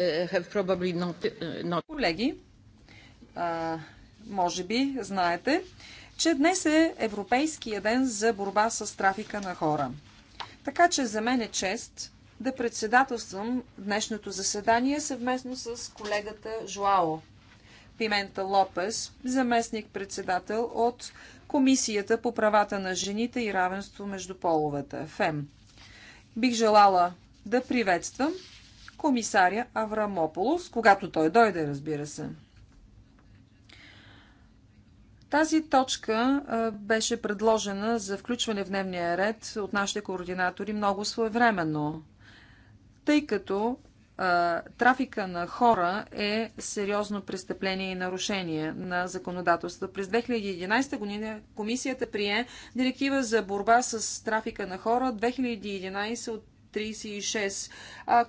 Uh, not, uh, not... Колеги, а, може би знаете, че днес е Европейския ден за борба с трафика на хора. Така че за мен е чест да председателствам днешното заседание съвместно с колегата Жуао Пимента Лопес, заместник-председател от Комисията по правата на жените и равенство между половете, ФЕМ. Бих желала да приветствам комисаря Аврамополос, когато той дойде, разбира се. Тази точка беше предложена за включване в дневния ред от нашите координатори много своевременно, тъй като трафика на хора е сериозно престъпление и нарушение на законодателството. През 2011 година комисията прие директива за борба с трафика на хора 2011 от 36,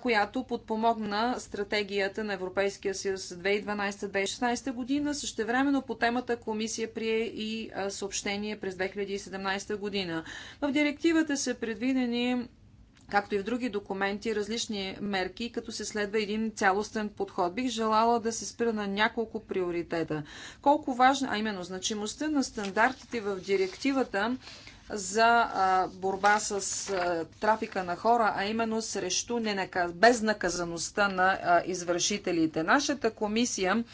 която подпомогна стратегията на Европейския съюз 2012-2016 година. Същевременно по темата комисия прие и съобщение през 2017 година. В директивата са предвидени както и в други документи, различни мерки, като се следва един цялостен подход. Бих желала да се спира на няколко приоритета. Колко важна, а именно значимостта на стандартите в директивата за борба с трафика на хора, а именно срещу безнаказаността на извършителите. Нашата комисия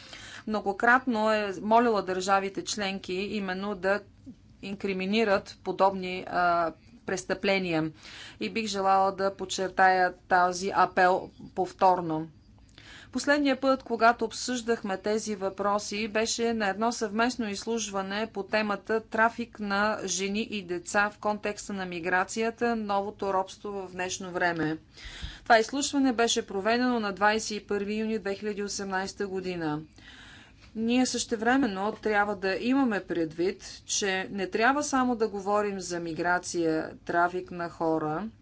многократно е молила държавите членки именно да инкриминират подобни престъпления. И бих желала да подчертая този апел повторно. Последния път, когато обсъждахме тези въпроси, беше на едно съвместно изслужване по темата трафик на жени и деца в контекста на миграцията, новото робство в днешно време. Това изслушване беше проведено на 21 юни 2018 година. Ние същевременно трябва да имаме предвид, че не трябва само да говорим за миграция, трафик на хора –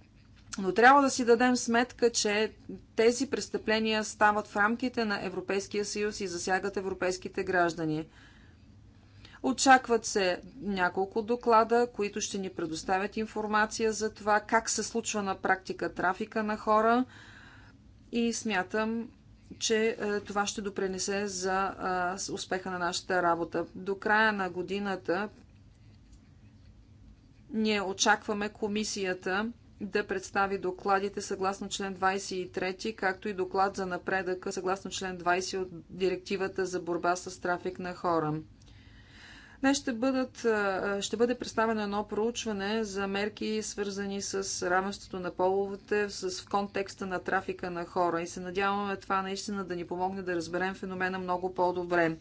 но трябва да си дадем сметка, че тези престъпления стават в рамките на Европейския съюз и засягат европейските граждани. Очакват се няколко доклада, които ще ни предоставят информация за това как се случва на практика трафика на хора и смятам, че е, това ще допренесе за е, успеха на нашата работа. До края на годината ние очакваме комисията да представи докладите съгласно член 23, както и доклад за напредъка съгласно член 20 от Директивата за борба с трафик на хора. Днес ще, бъдат, ще бъде представено едно проучване за мерки, свързани с равенството на половете с, в контекста на трафика на хора. И се надяваме това наистина да ни помогне да разберем феномена много по-добре.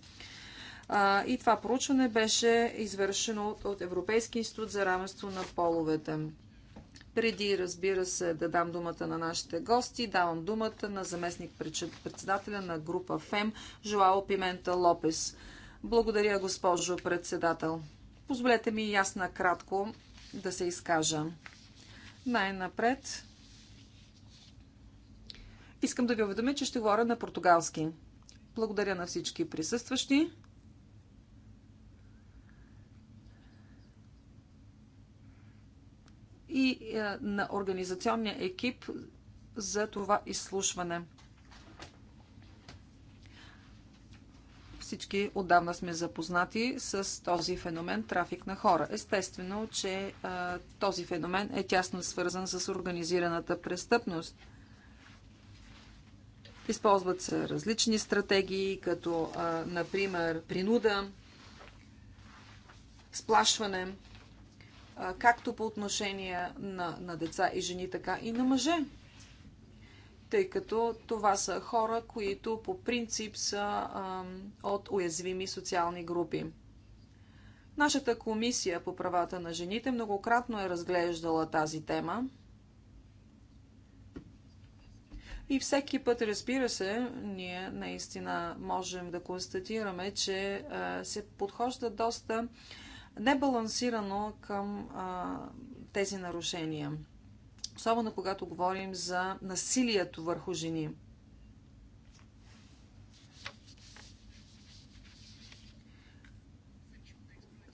и това проучване беше извършено от Европейски институт за равенство на половете. Преди, разбира се, да дам думата на нашите гости, давам думата на заместник председателя на група ФЕМ, Жоао Пимента Лопес. Благодаря, госпожо председател. Позволете ми ясна кратко да се изкажа. Най-напред искам да ви уведомя, че ще говоря на португалски. Благодаря на всички присъстващи. и е, на организационния екип за това изслушване. Всички отдавна сме запознати с този феномен трафик на хора. Естествено, че а, е, този феномен е тясно свързан с организираната престъпност. Използват се различни стратегии, като, а, е, например, принуда, сплашване както по отношение на, на деца и жени, така и на мъже. Тъй като това са хора, които по принцип са а, от уязвими социални групи. Нашата комисия по правата на жените многократно е разглеждала тази тема. И всеки път, разбира се, ние наистина можем да констатираме, че а, се подхожда доста а, небалансирано към а, тези нарушения. Особено когато говорим за насилието върху жени.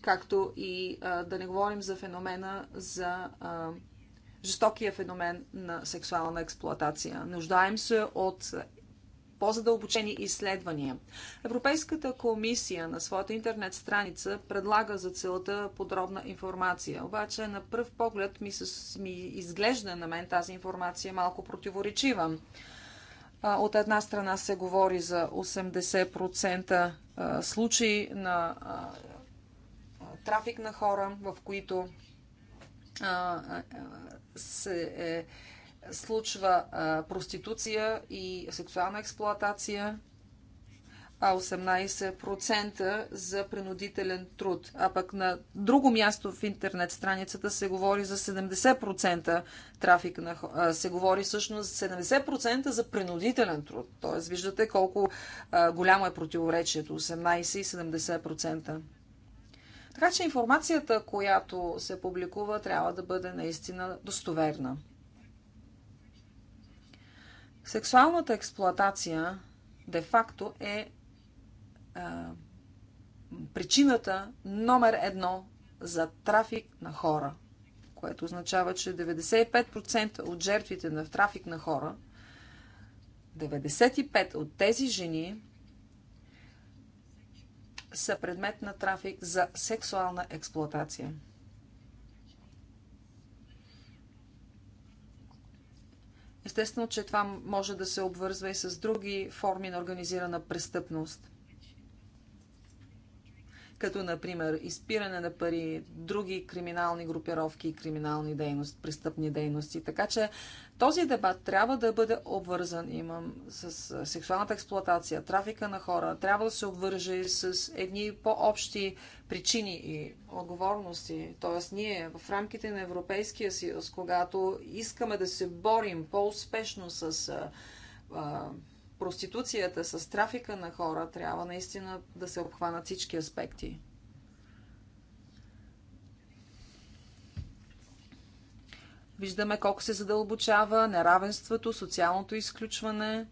Както и а, да не говорим за феномена за а, жестокия феномен на сексуална експлоатация. Нуждаем се от по-задълбочени изследвания. Европейската комисия на своята интернет страница предлага за целта подробна информация. Обаче на пръв поглед ми, се, ми изглежда на мен тази информация малко противоречива. От една страна се говори за 80% случаи на трафик на хора, в които се е случва а, проституция и сексуална експлоатация, а 18% за принудителен труд. А пък на друго място в интернет страницата се говори за 70% трафик на а, се говори всъщност 70% за принудителен труд. Тоест виждате колко а, голямо е противоречието 18 и 70%. Така че информацията, която се публикува, трябва да бъде наистина достоверна. Сексуалната експлоатация де-факто е а, причината номер едно за трафик на хора, което означава, че 95% от жертвите на трафик на хора, 95% от тези жени са предмет на трафик за сексуална експлоатация. Естествено, че това може да се обвързва и с други форми на организирана престъпност като например изпиране на пари, други криминални групировки и криминални дейности, престъпни дейности. Така че този дебат трябва да бъде обвързан, имам, с сексуалната експлоатация, трафика на хора, трябва да се обвърже с едни по-общи причини и отговорности. Тоест ние в рамките на Европейския съюз, когато искаме да се борим по-успешно с а, а, проституцията, с трафика на хора, трябва наистина да се обхванат всички аспекти. Виждаме колко се задълбочава неравенството, социалното изключване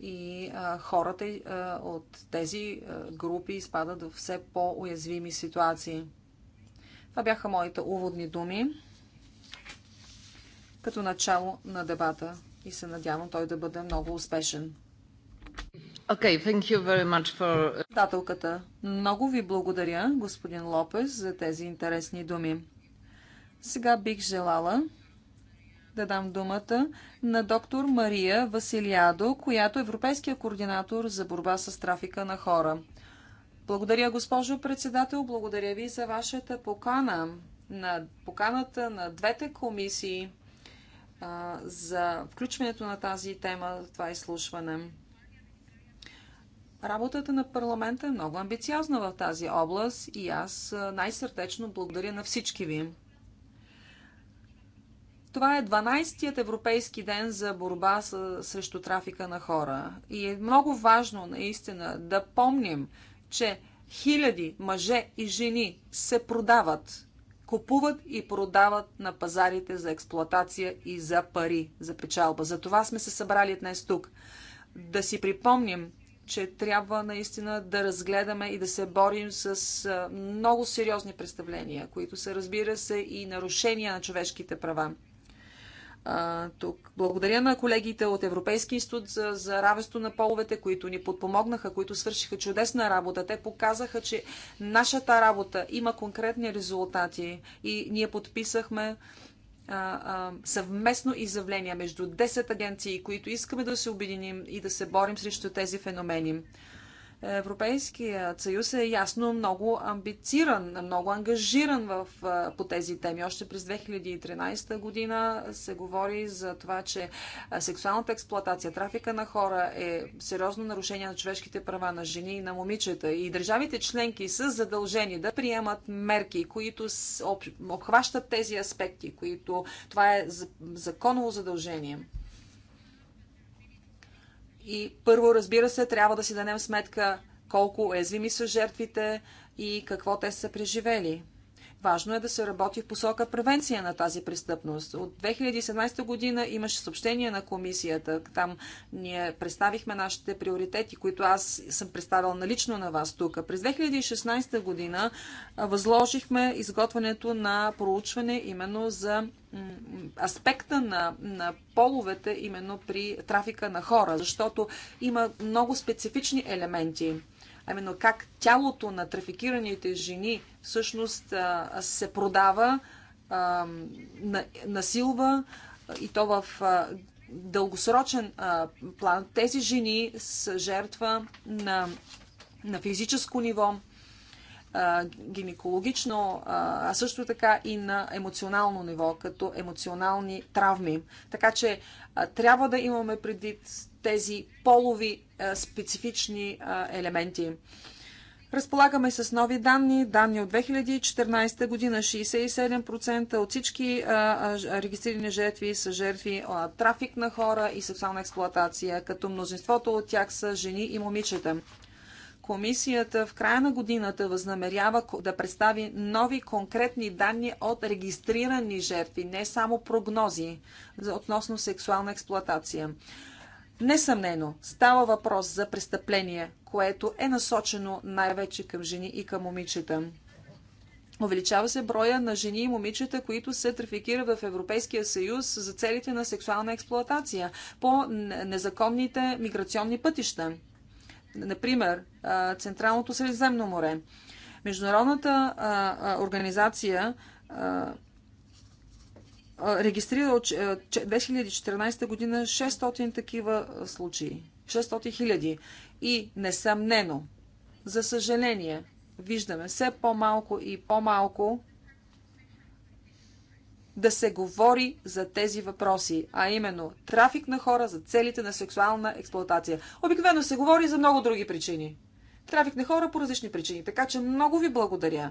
и а, хората а, от тези а, групи изпадат в все по-уязвими ситуации. Това бяха моите уводни думи като начало на дебата и се надявам той да бъде много успешен. Okay, thank you very much for... Дателката, много ви благодаря, господин Лопес, за тези интересни думи. Сега бих желала да дам думата на доктор Мария Василиадо, която е европейския координатор за борба с трафика на хора. Благодаря, госпожо председател, благодаря ви за вашата покана на поканата на двете комисии а, за включването на тази тема това изслушване. Работата на парламента е много амбициозна в тази област и аз най-сърдечно благодаря на всички ви. Това е 12-тият Европейски ден за борба с, срещу трафика на хора. И е много важно наистина да помним, че хиляди мъже и жени се продават, купуват и продават на пазарите за експлоатация и за пари, за печалба. За това сме се събрали днес тук. Да си припомним, че трябва наистина да разгледаме и да се борим с много сериозни представления, които са, разбира се, и нарушения на човешките права. тук. Благодаря на колегите от Европейски институт за, за равенство на половете, които ни подпомогнаха, които свършиха чудесна работа. Те показаха, че нашата работа има конкретни резултати и ние подписахме съвместно изявление между 10 агенции, които искаме да се обединим и да се борим срещу тези феномени. Европейският съюз е ясно много амбициран, много ангажиран в, по тези теми. Още през 2013 година се говори за това, че сексуалната експлоатация, трафика на хора е сериозно нарушение на човешките права на жени и на момичета. И държавите членки са задължени да приемат мерки, които обхващат тези аспекти, които това е законово задължение. И първо, разбира се, трябва да си дадем сметка колко уязвими са жертвите и какво те са преживели. Важно е да се работи в посока превенция на тази престъпност. От 2017 година имаше съобщение на комисията. Там ние представихме нашите приоритети, които аз съм представил налично на вас тук. През 2016 година възложихме изготвянето на проучване именно за аспекта на, на половете именно при трафика на хора, защото има много специфични елементи а именно как тялото на трафикираните жени всъщност се продава, насилва и то в дългосрочен план. Тези жени са жертва на, на физическо ниво, гинекологично, а също така и на емоционално ниво, като емоционални травми. Така че трябва да имаме предвид тези полови е, специфични е, елементи. Разполагаме с нови данни. Данни от 2014 година 67% от всички е, регистрирани жертви са жертви от трафик на хора и сексуална експлоатация, като мнозинството от тях са жени и момичета. Комисията в края на годината възнамерява да представи нови конкретни данни от регистрирани жертви, не само прогнози относно сексуална експлоатация. Несъмнено, става въпрос за престъпление, което е насочено най-вече към жени и към момичета. Увеличава се броя на жени и момичета, които се трафикира в Европейския съюз за целите на сексуална експлоатация по незаконните миграционни пътища. Например, Централното Средиземно море. Международната организация регистрирал е, 2014 година 600 такива случаи. 600 хиляди. И несъмнено, за съжаление, виждаме все по-малко и по-малко да се говори за тези въпроси, а именно трафик на хора за целите на сексуална експлоатация. Обикновено се говори за много други причини. Трафик на хора по различни причини. Така че много ви благодаря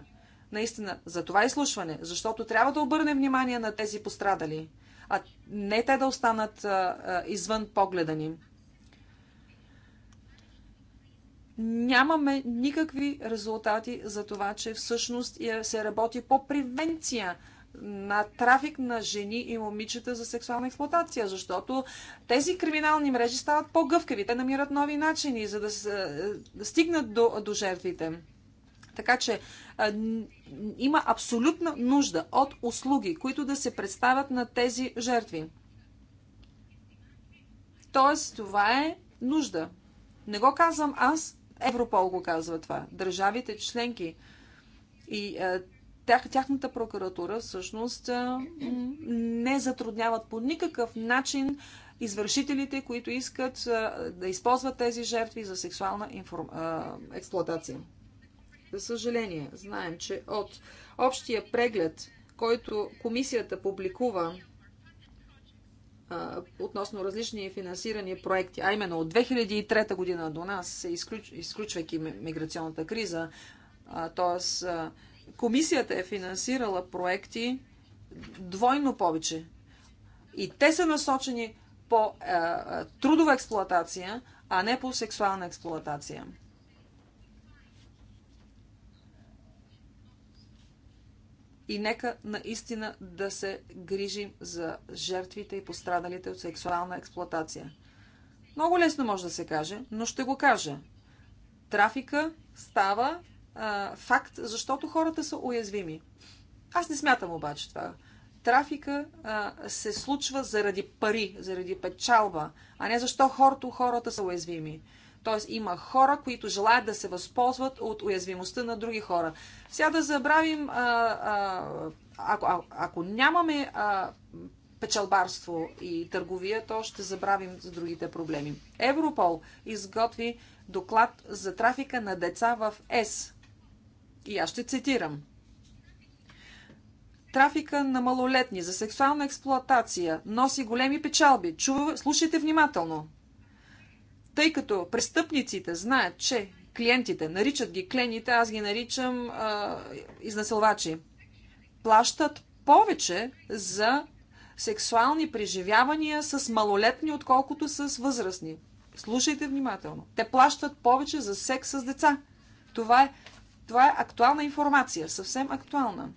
наистина за това изслушване, защото трябва да обърнем внимание на тези пострадали, а не те да останат а, а, извън погледа ни. Нямаме никакви резултати за това, че всъщност е, се работи по превенция на трафик на жени и момичета за сексуална експлуатация, защото тези криминални мрежи стават по-гъвкави. Те намират нови начини, за да, се, да стигнат до, до жертвите. Така че има абсолютна нужда от услуги, които да се представят на тези жертви. Тоест, това е нужда. Не го казвам аз, Европол го казва това. Държавите членки и тяхната прокуратура всъщност не затрудняват по никакъв начин извършителите, които искат да използват тези жертви за сексуална информ... експлуатация. За съжаление, знаем, че от общия преглед, който комисията публикува относно различни финансирани проекти, а именно от 2003 година до нас, изключвайки миграционната криза, т.е. комисията е финансирала проекти двойно повече. И те са насочени по трудова експлоатация, а не по сексуална експлоатация. И нека наистина да се грижим за жертвите и пострадалите от сексуална експлоатация. Много лесно може да се каже, но ще го кажа. Трафика става а, факт, защото хората са уязвими. Аз не смятам обаче това. Трафика а, се случва заради пари, заради печалба, а не защо хората, хората са уязвими. Т.е. има хора, които желаят да се възползват от уязвимостта на други хора. Сега да забравим, а, а, ако, а, ако нямаме а, печалбарство и търговия, то ще забравим с другите проблеми. Европол изготви доклад за трафика на деца в ЕС. И аз ще цитирам. Трафика на малолетни за сексуална експлоатация носи големи печалби. Чува... Слушайте внимателно. Тъй като престъпниците знаят, че клиентите, наричат ги клените, аз ги наричам а, изнасилвачи, плащат повече за сексуални преживявания с малолетни, отколкото с възрастни. Слушайте внимателно. Те плащат повече за секс с деца. Това е, това е актуална информация, съвсем актуална.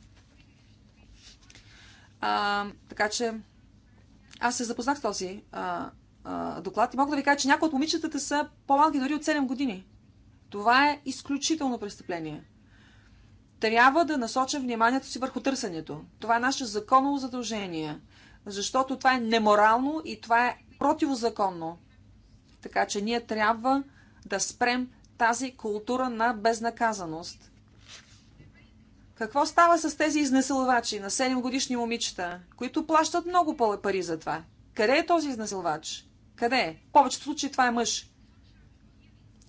А, така че аз се запознах с този а, доклад и мога да ви кажа, че някои от момичетата са по-малки дори от 7 години. Това е изключително престъпление. Трябва да насочим вниманието си върху търсенето. Това е наше законово задължение, защото това е неморално и това е противозаконно. Така че ние трябва да спрем тази култура на безнаказаност. Какво става с тези изнасилвачи на 7 годишни момичета, които плащат много пари за това? Къде е този изнасилвач? Къде е? В повечето случаи това е мъж.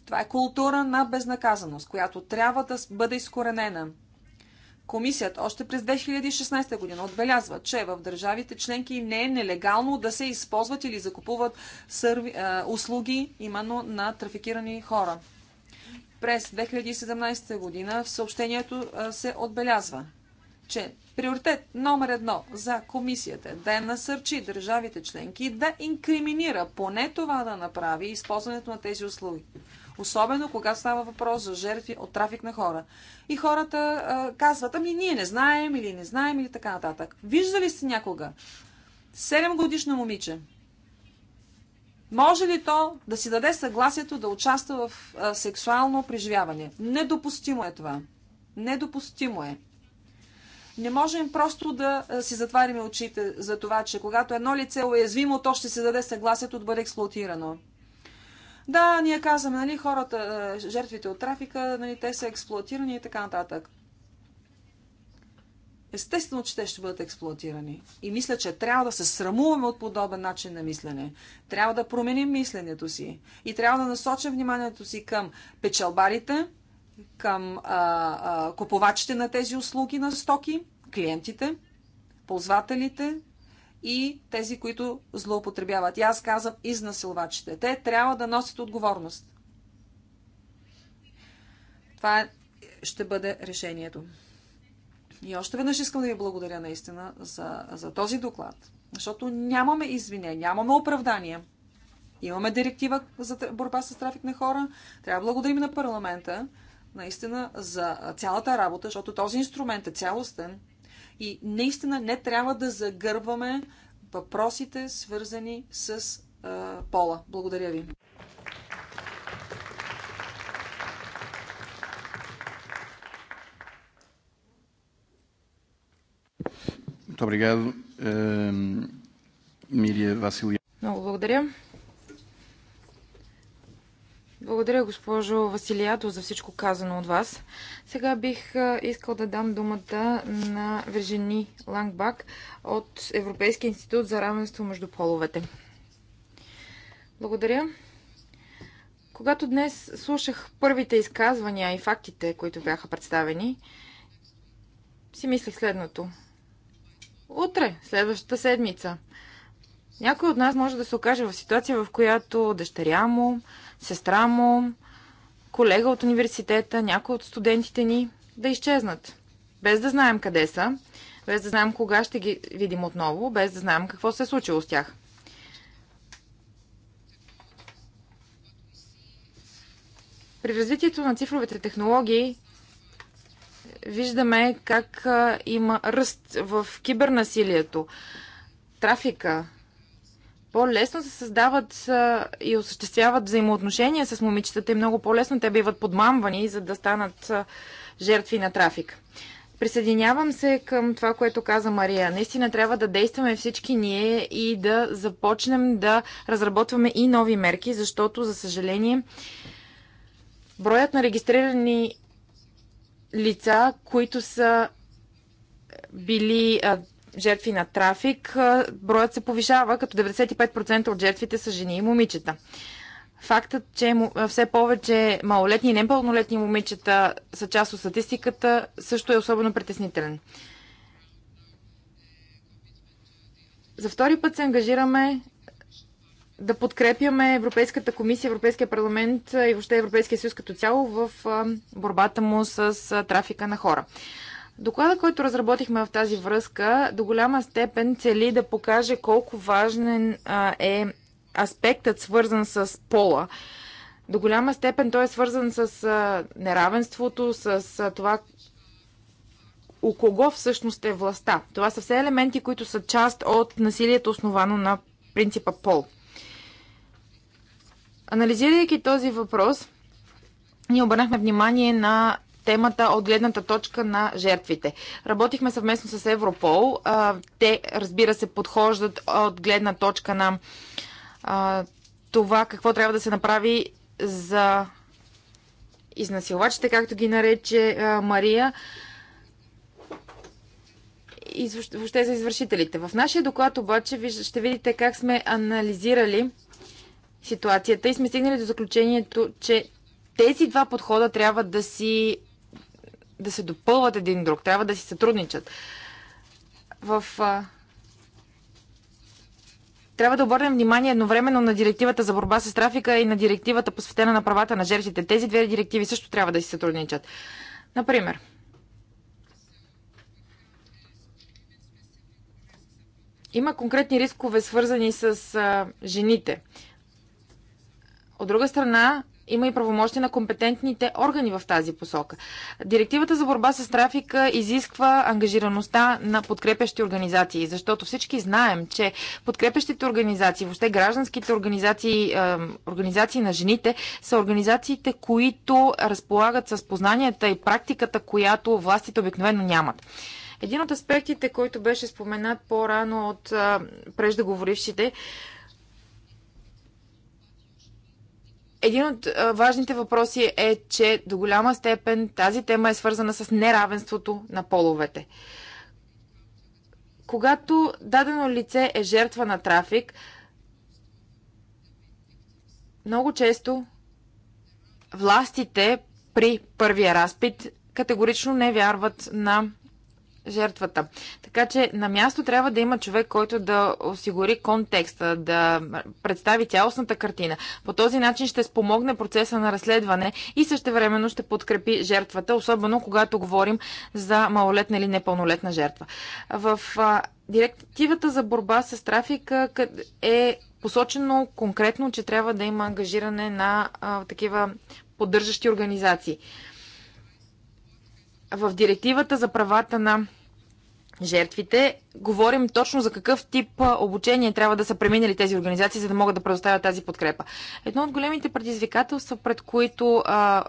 Това е култура на безнаказаност, която трябва да бъде изкоренена. Комисията още през 2016 година отбелязва, че в държавите членки не е нелегално да се използват или закупуват сърви, е, услуги именно на трафикирани хора. През 2017 година в съобщението се отбелязва – че приоритет номер едно за комисията е да я насърчи държавите членки да инкриминира поне това да направи използването на тези услуги. Особено когато става въпрос за жертви от трафик на хора. И хората а, казват, ами ние не знаем или не знаем или така нататък. Виждали сте някога 7 годишно момиче, може ли то да си даде съгласието да участва в а, сексуално преживяване? Недопустимо е това. Недопустимо е. Не можем просто да си затваряме очите за това, че когато едно лице е уязвимо, то ще се даде съгласието да бъде експлуатирано. Да, ние казваме, нали, хората, жертвите от трафика, нали, те са експлуатирани и така нататък. Естествено, че те ще бъдат експлуатирани. И мисля, че трябва да се срамуваме от подобен начин на мислене. Трябва да променим мисленето си. И трябва да насочим вниманието си към печалбарите, към а, а, купувачите на тези услуги на стоки, клиентите, ползвателите и тези, които злоупотребяват. И аз казвам изнасилвачите. Те трябва да носят отговорност. Това е, ще бъде решението. И още веднъж искам да ви благодаря наистина за, за този доклад. Защото нямаме извинение, нямаме оправдания. Имаме директива за борба с трафик на хора. Трябва да благодарим на парламента, наистина за цялата работа, защото този инструмент е цялостен и наистина не трябва да загърбваме въпросите, свързани с а, пола. Благодаря ви. Ehm, Много благодаря. Благодаря, госпожо Василиято, за всичко казано от вас. Сега бих искал да дам думата на Вержени Лангбак от Европейския институт за равенство между половете. Благодаря. Когато днес слушах първите изказвания и фактите, които бяха представени, си мислех следното. Утре, следващата седмица, някой от нас може да се окаже в ситуация, в която дъщеря му, сестра му, колега от университета, някой от студентите ни да изчезнат. Без да знаем къде са, без да знаем кога ще ги видим отново, без да знаем какво се е случило с тях. При развитието на цифровите технологии виждаме как има ръст в кибернасилието, трафика, по-лесно се създават и осъществяват взаимоотношения с момичетата и много по-лесно те биват подмамвани, за да станат жертви на трафик. Присъединявам се към това, което каза Мария. Наистина трябва да действаме всички ние и да започнем да разработваме и нови мерки, защото, за съжаление, броят на регистрирани лица, които са били жертви на трафик, броят се повишава, като 95% от жертвите са жени и момичета. Фактът, че все повече малолетни и непълнолетни момичета са част от статистиката, също е особено притеснителен. За втори път се ангажираме да подкрепяме Европейската комисия, Европейския парламент и въобще Европейския съюз като цяло в борбата му с трафика на хора. Доклада, който разработихме в тази връзка, до голяма степен цели да покаже колко важен е аспектът, свързан с пола. До голяма степен той е свързан с неравенството, с това у кого всъщност е властта. Това са все елементи, които са част от насилието, основано на принципа пол. Анализирайки този въпрос, ние обърнахме внимание на темата от гледната точка на жертвите. Работихме съвместно с Европол. Те, разбира се, подхождат от гледна точка на това какво трябва да се направи за изнасилвачите, както ги нарече Мария и въобще за извършителите. В нашия доклад обаче ще видите как сме анализирали ситуацията и сме стигнали до заключението, че тези два подхода трябва да си да се допълват един друг, трябва да си сътрудничат. В трябва да обърнем внимание едновременно на директивата за борба с трафика и на директивата посветена на правата на жертвите. Тези две директиви също трябва да си сътрудничат. Например, има конкретни рискове, свързани с а, жените. От друга страна, има и правомощи на компетентните органи в тази посока. Директивата за борба с трафика изисква ангажираността на подкрепящи организации, защото всички знаем, че подкрепящите организации, въобще гражданските организации, организации на жените, са организациите, които разполагат с познанията и практиката, която властите обикновено нямат. Един от аспектите, който беше споменат по-рано от преждеговорившите, един от важните въпроси е, че до голяма степен тази тема е свързана с неравенството на половете. Когато дадено лице е жертва на трафик, много често властите при първия разпит категорично не вярват на жертвата. Така че на място трябва да има човек, който да осигури контекста, да представи цялостната картина. По този начин ще спомогне процеса на разследване и същевременно ще подкрепи жертвата, особено когато говорим за малолетна или непълнолетна жертва. В директивата за борба с трафика е посочено конкретно, че трябва да има ангажиране на а, такива поддържащи организации. В директивата за правата на жертвите. Говорим точно за какъв тип обучение трябва да са преминали тези организации, за да могат да предоставят тази подкрепа. Едно от големите предизвикателства, пред които а,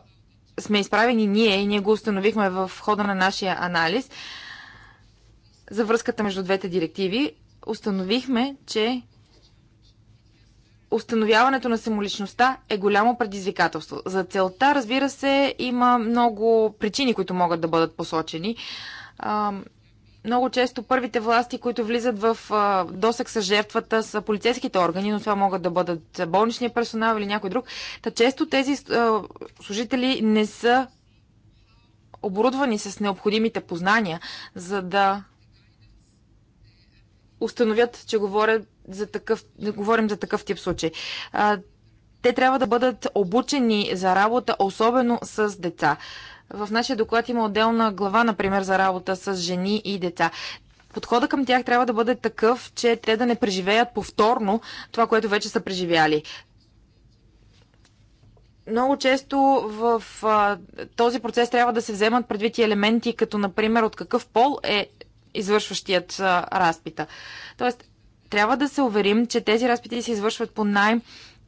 сме изправени ние, и ние го установихме в хода на нашия анализ, за връзката между двете директиви, установихме, че установяването на самоличността е голямо предизвикателство. За целта, разбира се, има много причини, които могат да бъдат посочени много често първите власти, които влизат в досък с жертвата, са полицейските органи, но това могат да бъдат болничния персонал или някой друг. Та често тези служители не са оборудвани с необходимите познания, за да установят, че говорят за такъв, говорим за такъв тип случай. Те трябва да бъдат обучени за работа, особено с деца. В нашия доклад има отделна глава, например, за работа с жени и деца. Подхода към тях трябва да бъде такъв, че те да не преживеят повторно това, което вече са преживяли много често в а, този процес трябва да се вземат предвид и елементи, като например от какъв пол е извършващият а, разпита. Тоест, трябва да се уверим, че тези разпити се извършват по най-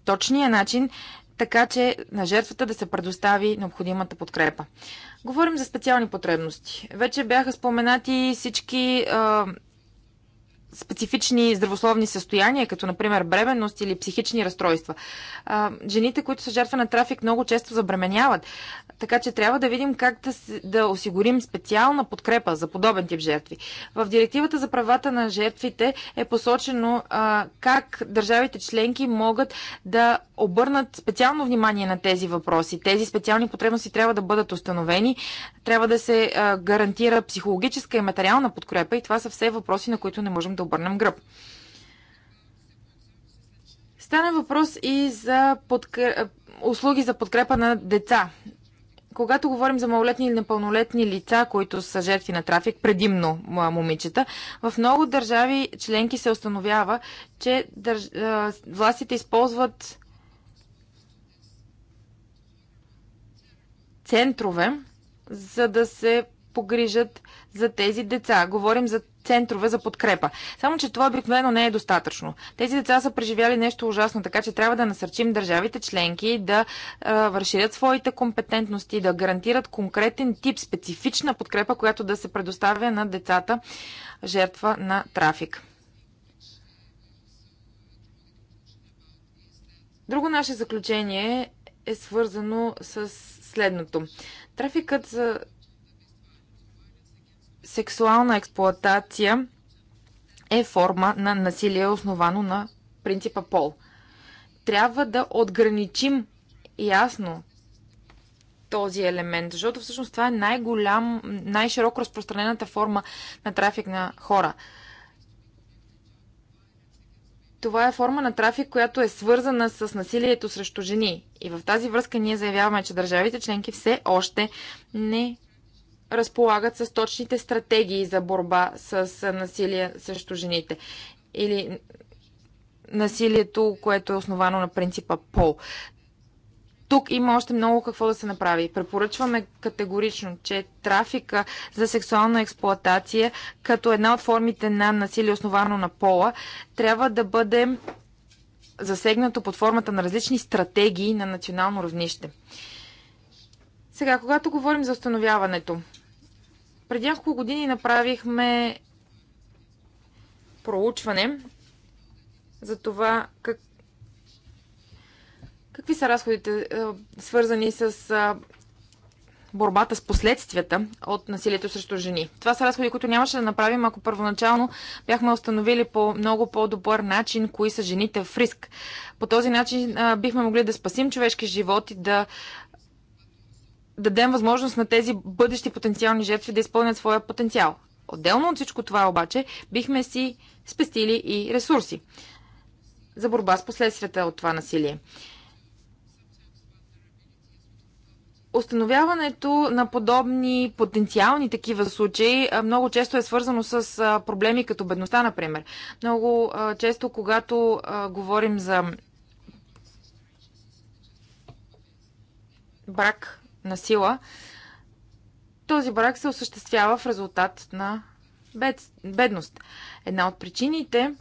точния начин, така че на жертвата да се предостави необходимата подкрепа. Говорим за специални потребности. Вече бяха споменати всички а, специфични здравословни състояния, като например бременност или психични разстройства. А, жените, които са жертва на трафик, много често забременяват. Така че трябва да видим как да, да осигурим специална подкрепа за подобен тип жертви. В директивата за правата на жертвите е посочено а, как държавите членки могат да обърнат специално внимание на тези въпроси. Тези специални потребности трябва да бъдат установени, трябва да се а, гарантира психологическа и материална подкрепа и това са все въпроси, на които не можем да да обърнем гръб. Стана въпрос и за подкр... услуги за подкрепа на деца. Когато говорим за малолетни или непълнолетни лица, които са жертви на трафик, предимно момичета, в много държави членки се установява, че държ... властите използват центрове, за да се погрижат за тези деца. Говорим за центрове за подкрепа. Само, че това обикновено не е достатъчно. Тези деца са преживяли нещо ужасно, така че трябва да насърчим държавите членки да а, разширят своите компетентности, да гарантират конкретен тип, специфична подкрепа, която да се предоставя на децата жертва на трафик. Друго наше заключение е свързано с следното. Трафикът за сексуална експлоатация е форма на насилие, основано на принципа пол. Трябва да отграничим ясно този елемент, защото всъщност това е най-голям, най-широко разпространената форма на трафик на хора. Това е форма на трафик, която е свързана с насилието срещу жени. И в тази връзка ние заявяваме, че държавите членки все още не разполагат с точните стратегии за борба с насилие срещу жените. Или насилието, което е основано на принципа пол. Тук има още много какво да се направи. Препоръчваме категорично, че трафика за сексуална експлоатация, като една от формите на насилие основано на пола, трябва да бъде засегнато под формата на различни стратегии на национално равнище. Сега, когато говорим за установяването, преди няколко години направихме проучване за това как... какви са разходите е, свързани с е, борбата с последствията от насилието срещу жени. Това са разходи, които нямаше да направим, ако първоначално бяхме установили по много по-добър начин, кои са жените в риск. По този начин а, е, бихме могли да спасим човешки животи, да дадем възможност на тези бъдещи потенциални жертви да изпълнят своя потенциал. Отделно от всичко това обаче бихме си спестили и ресурси за борба с последствията от това насилие. Остановяването на подобни потенциални такива случаи много често е свързано с проблеми като бедността, например. Много често, когато говорим за брак на сила, този брак се осъществява в резултат на бед, бедност. Една от причините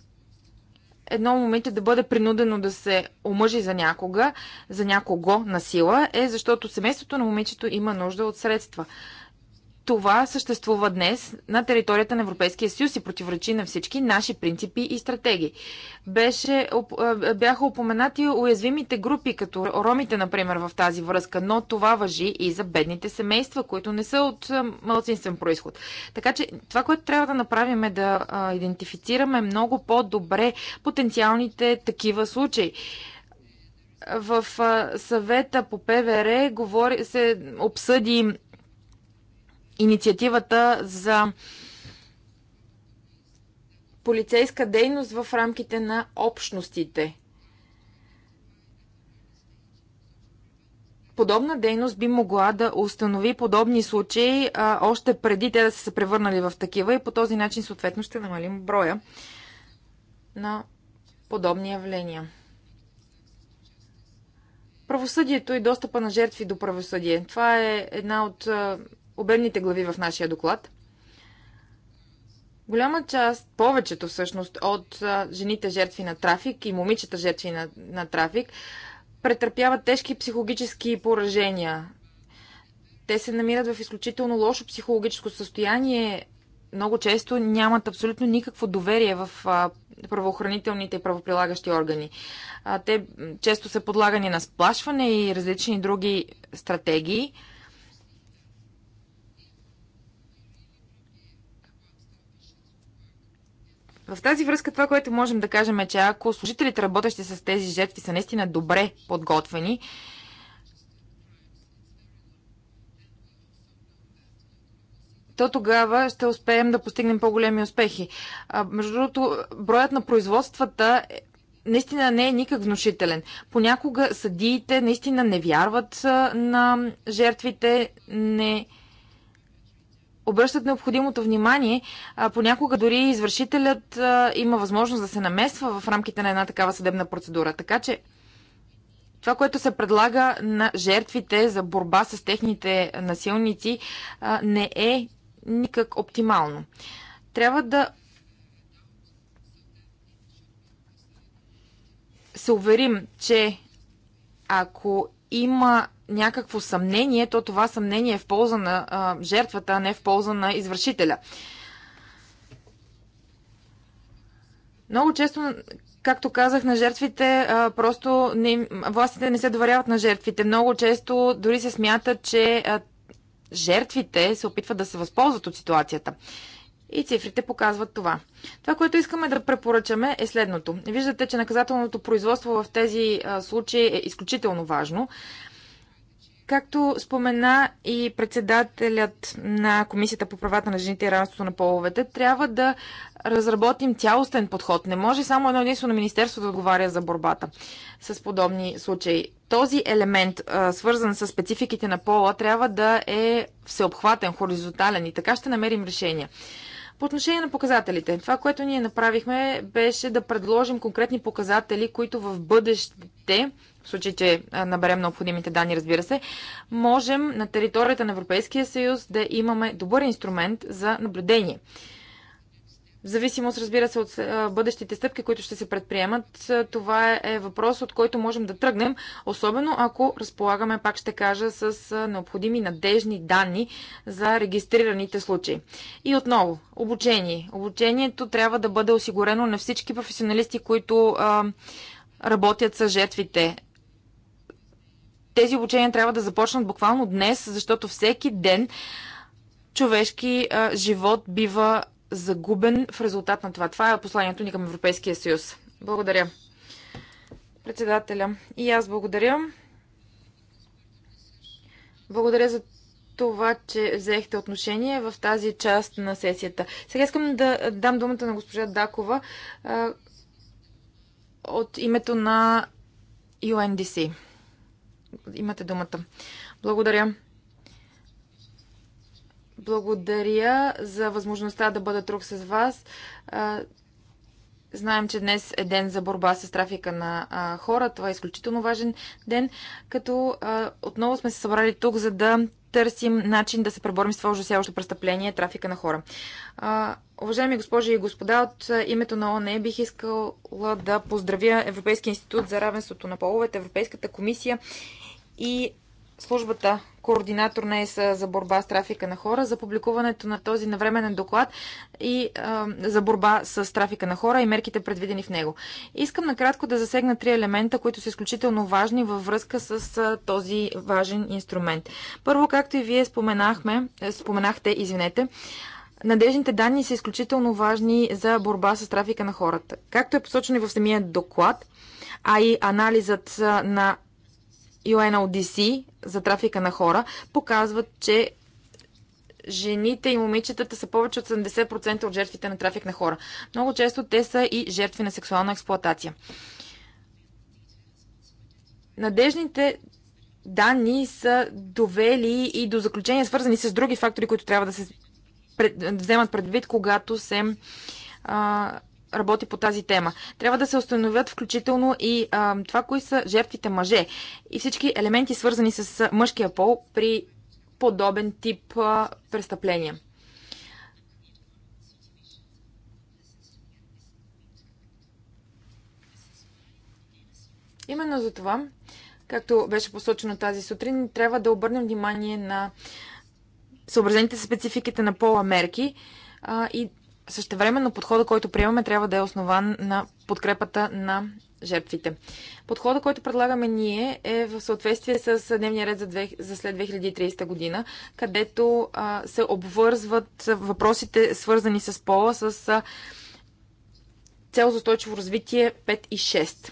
едно момиче да бъде принудено да се омъжи за някога, за някого на сила, е защото семейството на момичето има нужда от средства това съществува днес на територията на Европейския съюз и противоречи на всички наши принципи и стратегии. Беше, е, е, бяха упоменати уязвимите групи, като ромите, например, в тази връзка, но това въжи и за бедните семейства, които не са от е, малцинствен происход. Така че това, което трябва да направим е да идентифицираме много по-добре потенциалните такива случаи в съвета по ПВР говори, се обсъди инициативата за полицейска дейност в рамките на общностите. Подобна дейност би могла да установи подобни случаи а, още преди те да са се превърнали в такива и по този начин съответно ще намалим броя на подобни явления. Правосъдието и достъпа на жертви до правосъдие. Това е една от обедните глави в нашия доклад. Голяма част, повечето всъщност, от жените жертви на трафик и момичета жертви на, на трафик претърпяват тежки психологически поражения. Те се намират в изключително лошо психологическо състояние. Много често нямат абсолютно никакво доверие в правоохранителните и правоприлагащи органи. Те често са подлагани на сплашване и различни други стратегии – В тази връзка това, което можем да кажем е, че ако служителите, работещи с тези жертви, са наистина добре подготвени, то тогава ще успеем да постигнем по-големи успехи. А, между другото, броят на производствата е, наистина не е никак внушителен. Понякога съдиите наистина не вярват на жертвите, не обръщат необходимото внимание. А, понякога дори извършителят а, има възможност да се намесва в рамките на една такава съдебна процедура. Така че това, което се предлага на жертвите за борба с техните насилници, а, не е никак оптимално. Трябва да се уверим, че ако има някакво съмнение, то това съмнение е в полза на а, жертвата, а не в полза на извършителя. Много често, както казах, на жертвите а, просто не, властите не се доверяват на жертвите. Много често дори се смята, че а, жертвите се опитват да се възползват от ситуацията. И цифрите показват това. Това, което искаме да препоръчаме е следното. Виждате, че наказателното производство в тези а, случаи е изключително важно. Както спомена и председателят на Комисията по правата на жените и равенството на половете, трябва да разработим цялостен подход. Не може само едно единствено министерство да отговаря за борбата с подобни случаи. Този елемент, свързан с спецификите на пола, трябва да е всеобхватен, хоризонтален и така ще намерим решение. По отношение на показателите, това, което ние направихме, беше да предложим конкретни показатели, които в бъдещите в случай, че наберем необходимите данни, разбира се, можем на територията на Европейския съюз да имаме добър инструмент за наблюдение. В зависимост, разбира се, от бъдещите стъпки, които ще се предприемат, това е въпрос, от който можем да тръгнем, особено ако разполагаме, пак ще кажа, с необходими надежни данни за регистрираните случаи. И отново, обучение. Обучението трябва да бъде осигурено на всички професионалисти, които работят с жертвите тези обучения трябва да започнат буквално днес, защото всеки ден човешки а, живот бива загубен в резултат на това. Това е посланието ни към Европейския съюз. Благодаря. Председателя. И аз благодаря. Благодаря за това, че взехте отношение в тази част на сесията. Сега искам да дам думата на госпожа Дакова а, от името на UNDC. Имате думата. Благодаря. Благодаря за възможността да бъда тук с вас. Знаем, че днес е ден за борба с трафика на а, хора. Това е изключително важен ден, като а, отново сме се събрали тук, за да търсим начин да се преборим с това ужасяващо престъпление трафика на хора. А, уважаеми госпожи и господа, от името на ОНЕ бих искала да поздравя Европейския институт за равенството на половете, Европейската комисия и службата координатор на ЕС за борба с трафика на хора, за публикуването на този навременен доклад и а, за борба с трафика на хора и мерките предвидени в него. Искам накратко да засегна три елемента, които са изключително важни във връзка с а, този важен инструмент. Първо, както и вие споменахме, е, споменахте, извинете, Надежните данни са изключително важни за борба с трафика на хората. Както е посочено и в самия доклад, а и анализът на UNODC за трафика на хора показват, че жените и момичетата са повече от 70% от жертвите на трафик на хора. Много често те са и жертви на сексуална експлоатация. Надежните данни са довели и до заключения, свързани с други фактори, които трябва да се вземат предвид, когато се а, работи по тази тема. Трябва да се установят включително и а, това, кои са жертвите мъже и всички елементи, свързани с мъжкия пол при подобен тип а, престъпления. Именно за това, както беше посочено тази сутрин, трябва да обърнем внимание на съобразените спецификите на пола мерки а, и Същевременно подхода, който приемаме, трябва да е основан на подкрепата на жертвите. Подхода, който предлагаме ние е в съответствие с дневния ред за, две, за след 2030 година, където а, се обвързват въпросите, свързани с пола, с цел за устойчиво развитие 5 и 6.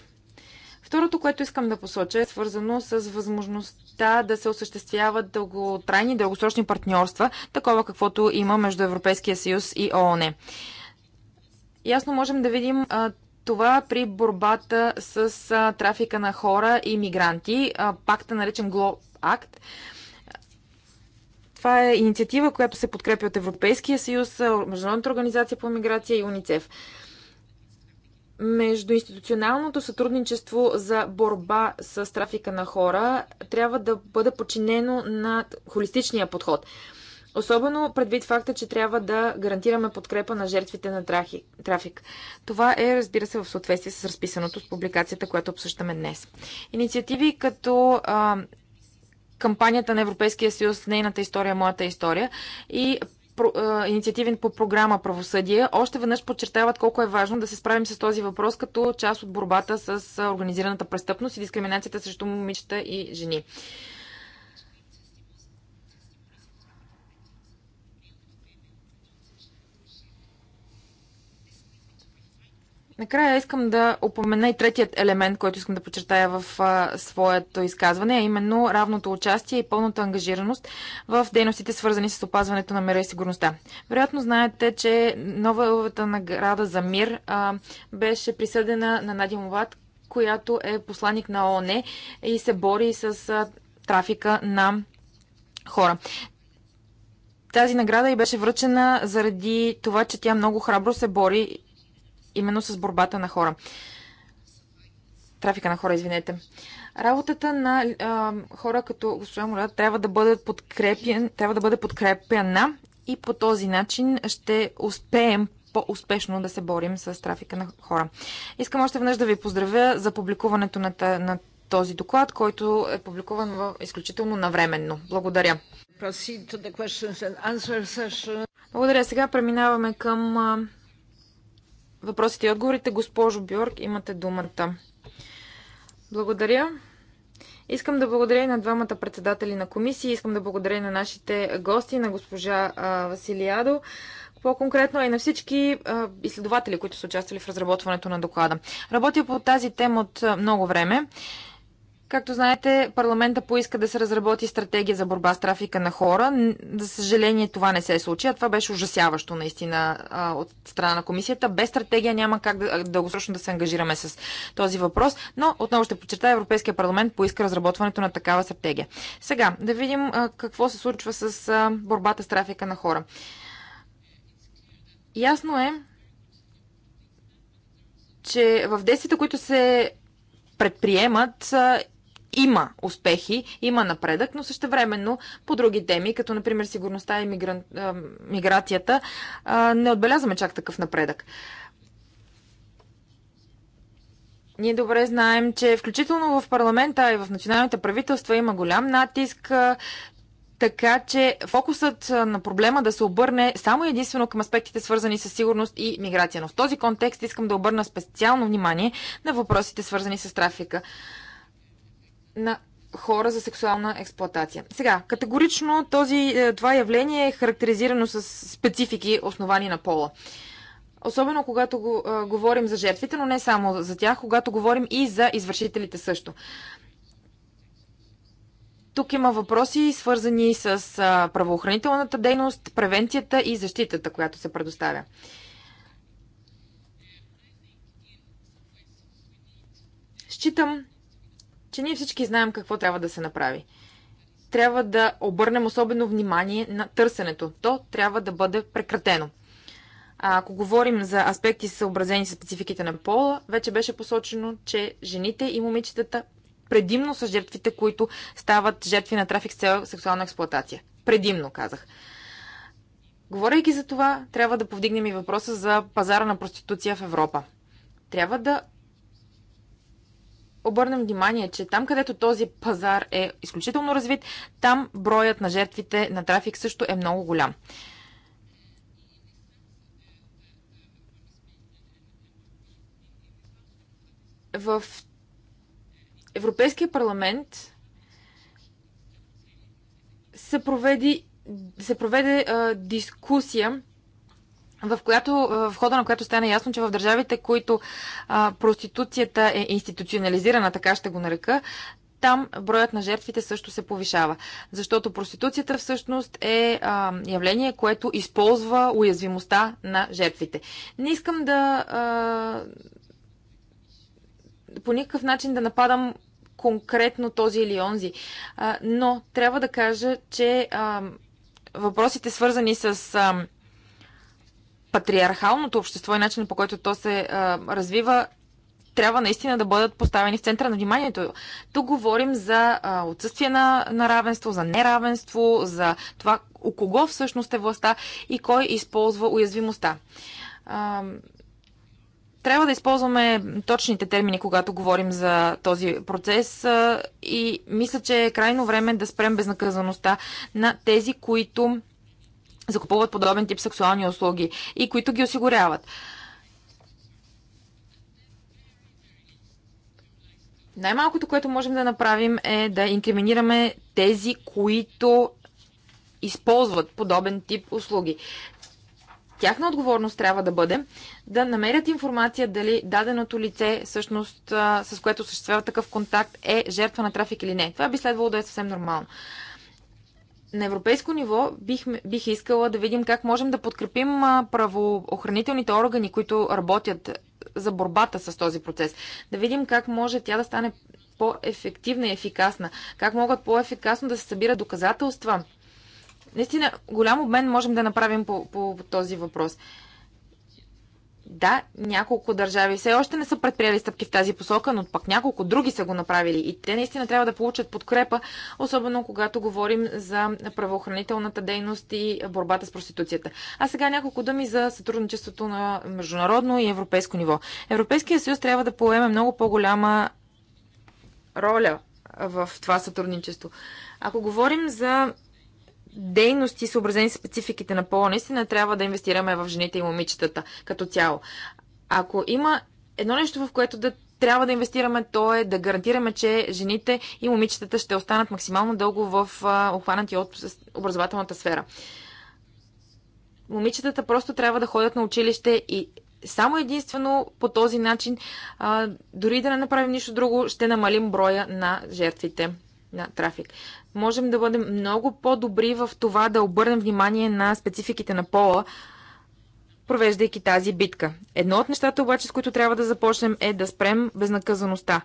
Второто, което искам да посоча, е свързано с възможността да се осъществяват дълготрайни, дългосрочни партньорства, такова каквото има между Европейския съюз и ООН. Ясно можем да видим а, това при борбата с а, трафика на хора и мигранти, а, пакта наречен Гло Акт. Това е инициатива, която се подкрепя от Европейския съюз, Международната организация по миграция и УНИЦЕФ. Междуинституционалното сътрудничество за борба с трафика на хора трябва да бъде подчинено на холистичния подход. Особено предвид факта, че трябва да гарантираме подкрепа на жертвите на трафик. Това е, разбира се, в съответствие с разписаното с публикацията, която обсъщаме днес. Инициативи като а, кампанията на Европейския съюз, нейната история, моята история и инициативен по програма Правосъдие, още веднъж подчертават колко е важно да се справим с този въпрос като част от борбата с организираната престъпност и дискриминацията срещу момичета и жени. Накрая искам да упомена и третият елемент, който искам да подчертая в а, своето изказване, а именно равното участие и пълната ангажираност в дейностите, свързани с опазването на мира и сигурността. Вероятно знаете, че новата награда за мир а, беше присъдена на Надя Моват, която е посланник на ООН и се бори с а, трафика на хора. Тази награда и беше връчена заради това, че тя много храбро се бори именно с борбата на хора. Трафика на хора, извинете. Работата на а, хора като госпожа Мора трябва да бъде подкрепен, трябва да бъде подкрепена и по този начин ще успеем по-успешно да се борим с трафика на хора. Искам още веднъж да ви поздравя за публикуването на, на този доклад, който е публикуван в изключително навременно. Благодаря. Благодаря. Сега преминаваме към въпросите и отговорите. Госпожо Бьорк, имате думата. Благодаря. Искам да благодаря и на двамата председатели на комисии, искам да благодаря и на нашите гости, на госпожа Василиадо, по-конкретно и на всички изследователи, които са участвали в разработването на доклада. Работя по тази тема от много време. Както знаете, парламента поиска да се разработи стратегия за борба с трафика на хора. За съжаление, това не се е случи, а това беше ужасяващо наистина от страна на комисията. Без стратегия няма как дългосрочно да се ангажираме с този въпрос, но отново ще подчертая, Европейския парламент поиска разработването на такава стратегия. Сега, да видим какво се случва с борбата с трафика на хора. Ясно е, че в действията, които се предприемат, има успехи, има напредък, но също времено по други теми, като например сигурността и мигра... миграцията, не отбелязваме чак такъв напредък. Ние добре знаем, че включително в парламента и в националните правителства има голям натиск, така че фокусът на проблема да се обърне само единствено към аспектите свързани с сигурност и миграция. Но в този контекст искам да обърна специално внимание на въпросите свързани с трафика на хора за сексуална експлоатация. Сега, категорично този, е, това явление е характеризирано с специфики основани на пола. Особено когато го, а, е, говорим за жертвите, но не само за тях, когато говорим и за извършителите също. Тук има въпроси, свързани с а, е, правоохранителната дейност, превенцията и защитата, която се предоставя. Считам, че ние всички знаем какво трябва да се направи. Трябва да обърнем особено внимание на търсенето. То трябва да бъде прекратено. А ако говорим за аспекти съобразени с спецификите на пола, вече беше посочено, че жените и момичетата предимно са жертвите, които стават жертви на трафик с цел сексуална експлоатация. Предимно, казах. Говорейки за това, трябва да повдигнем и въпроса за пазара на проституция в Европа. Трябва да обърнем внимание, че там, където този пазар е изключително развит, там броят на жертвите на трафик също е много голям. В Европейския парламент се се проведе а, дискусия в, която, в хода на която стана ясно, че в държавите, които а, проституцията е институционализирана, така ще го нарека, там броят на жертвите също се повишава. Защото проституцията всъщност е а, явление, което използва уязвимостта на жертвите. Не искам да а, по никакъв начин да нападам конкретно този или онзи, а, но трябва да кажа, че а, въпросите свързани с. А, патриархалното общество и начинът по който то се а, развива трябва наистина да бъдат поставени в центъра на вниманието. Тук говорим за а, отсъствие на, на равенство, за неравенство, за това у кого всъщност е властта и кой използва уязвимостта. А, трябва да използваме точните термини, когато говорим за този процес и мисля, че е крайно време да спрем безнаказаността на тези, които закупуват подобен тип сексуални услуги и които ги осигуряват. Най-малкото, което можем да направим е да инкриминираме тези, които използват подобен тип услуги. Тяхна отговорност трябва да бъде да намерят информация дали даденото лице, всъщност, с което съществява такъв контакт, е жертва на трафик или не. Това би следвало да е съвсем нормално на европейско ниво бих, бих искала да видим как можем да подкрепим правоохранителните органи, които работят за борбата с този процес. Да видим как може тя да стане по-ефективна и ефикасна. Как могат по-ефикасно да се събират доказателства. Наистина, голям обмен можем да направим по, по, по този въпрос. Да, няколко държави все още не са предприели стъпки в тази посока, но пък няколко други са го направили. И те наистина трябва да получат подкрепа, особено когато говорим за правоохранителната дейност и борбата с проституцията. А сега няколко думи за сътрудничеството на международно и европейско ниво. Европейския съюз трябва да поеме много по-голяма роля в това сътрудничество. Ако говорим за дейности, съобразени с спецификите на пола, наистина трябва да инвестираме в жените и момичетата като цяло. Ако има едно нещо, в което да трябва да инвестираме, то е да гарантираме, че жените и момичетата ще останат максимално дълго в обхванати от образователната сфера. Момичетата просто трябва да ходят на училище и само единствено по този начин, дори да не направим нищо друго, ще намалим броя на жертвите на трафик. Можем да бъдем много по-добри в това да обърнем внимание на спецификите на пола, провеждайки тази битка. Едно от нещата обаче, с които трябва да започнем е да спрем безнаказаността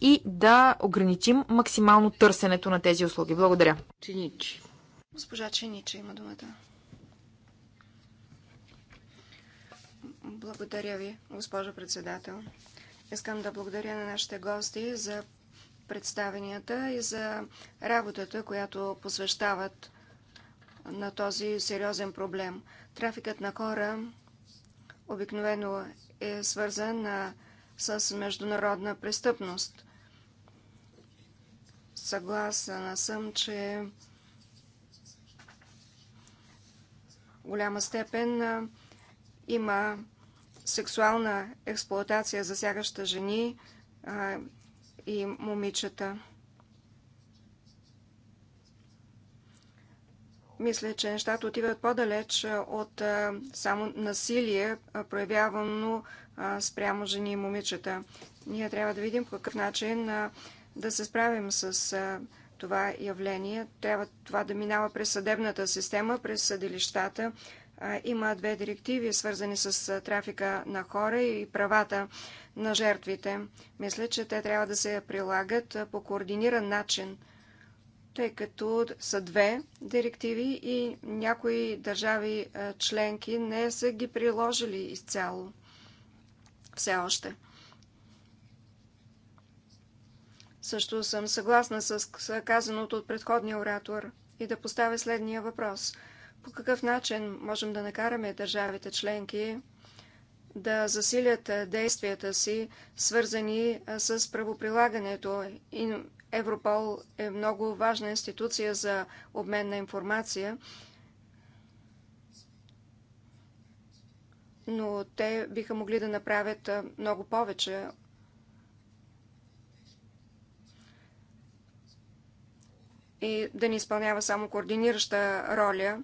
и да ограничим максимално търсенето на тези услуги. Благодаря. Чиничи. Госпожа Чиничи има думата. Благодаря ви, госпожо председател. Искам да благодаря на нашите гости за представенията и за работата, която посвещават на този сериозен проблем. Трафикът на хора обикновено е свързан с международна престъпност. Съгласна съм, че в голяма степен има сексуална експлоатация, засягаща жени, и момичета. Мисля, че нещата отиват по-далеч от само насилие, проявявано спрямо жени и момичета. Ние трябва да видим по какъв начин да се справим с това явление. Трябва това да минава през съдебната система, през съдилищата. Има две директиви, свързани с трафика на хора и правата на жертвите. Мисля, че те трябва да се прилагат по координиран начин, тъй като са две директиви и някои държави членки не са ги приложили изцяло все още. Също съм съгласна с казаното от предходния оратор и да поставя следния въпрос. По какъв начин можем да накараме държавите членки да засилят действията си, свързани с правоприлагането. Европол е много важна институция за обмен на информация, но те биха могли да направят много повече. И да ни изпълнява само координираща роля,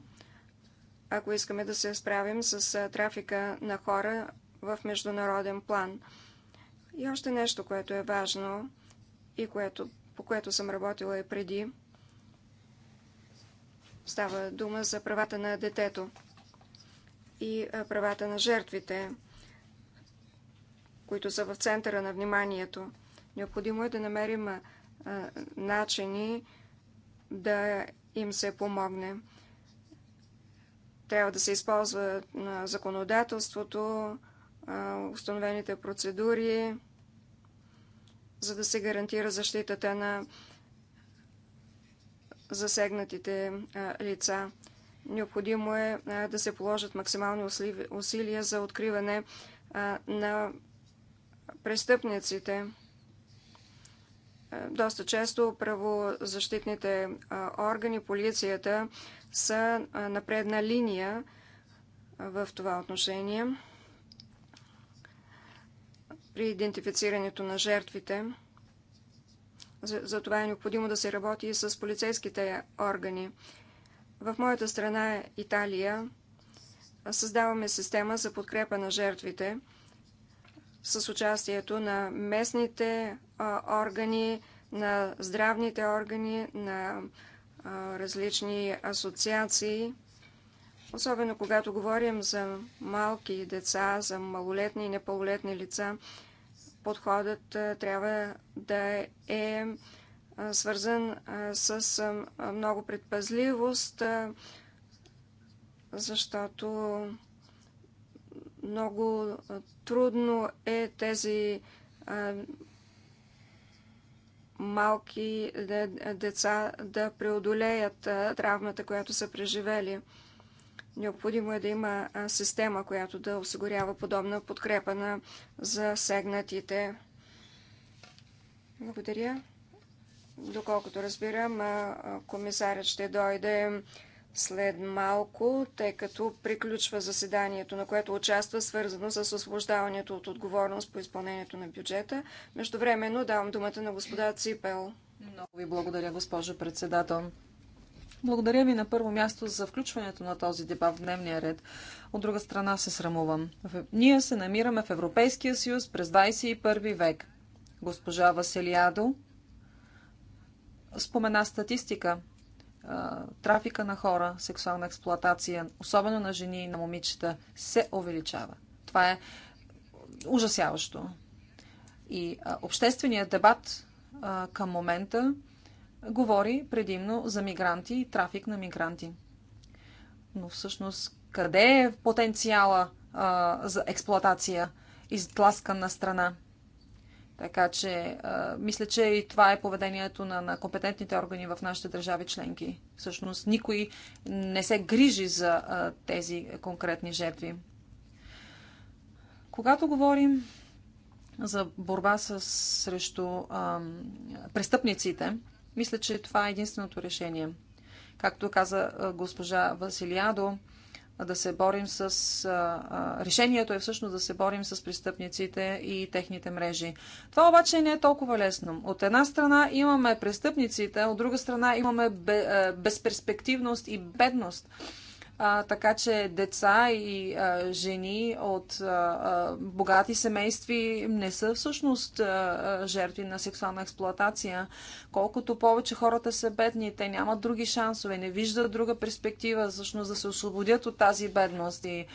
ако искаме да се справим с трафика на хора в международен план. И още нещо, което е важно и което, по което съм работила и преди. Става дума за правата на детето и правата на жертвите, които са в центъра на вниманието. Необходимо е да намерим а, начини да им се помогне. Трябва да се използва законодателството, установените процедури, за да се гарантира защитата на засегнатите лица. Необходимо е да се положат максимални усилия за откриване на престъпниците. Доста често правозащитните органи, полицията са на предна линия в това отношение при идентифицирането на жертвите. Затова за е необходимо да се работи и с полицейските органи. В моята страна, е Италия, създаваме система за подкрепа на жертвите с участието на местните а, органи, на здравните органи, на а, различни асоциации. Особено когато говорим за малки деца, за малолетни и непълнолетни лица, подходът трябва да е свързан с много предпазливост, защото много трудно е тези малки деца да преодолеят травмата, която са преживели. Необходимо е да има система, която да осигурява подобна подкрепа на засегнатите. Благодаря. Доколкото разбирам, комисарят ще дойде след малко, тъй като приключва заседанието, на което участва, свързано с освобождаването от отговорност по изпълнението на бюджета. Междувременно давам думата на господа Ципел. Много ви благодаря, госпожо председател. Благодаря ви на първо място за включването на този дебат в дневния ред. От друга страна се срамувам. Ние се намираме в Европейския съюз през 21 век. Госпожа Василиадо спомена статистика. Трафика на хора, сексуална експлоатация, особено на жени и на момичета, се увеличава. Това е ужасяващо. И общественият дебат към момента говори предимно за мигранти и трафик на мигранти. Но всъщност къде е потенциала а, за експлоатация и на страна? Така че, а, мисля, че и това е поведението на, на компетентните органи в нашите държави членки. Всъщност, никой не се грижи за а, тези конкретни жертви. Когато говорим за борба с, срещу а, престъпниците, мисля, че това е единственото решение. Както каза госпожа Василиадо, да се борим с... Решението е всъщност да се борим с престъпниците и техните мрежи. Това обаче не е толкова лесно. От една страна имаме престъпниците, от друга страна имаме безперспективност и бедност а, така че деца и а, жени от а, богати семейства не са всъщност жертви на сексуална експлоатация. Колкото повече хората са бедни, те нямат други шансове, не виждат друга перспектива всъщност да се освободят от тази бедност и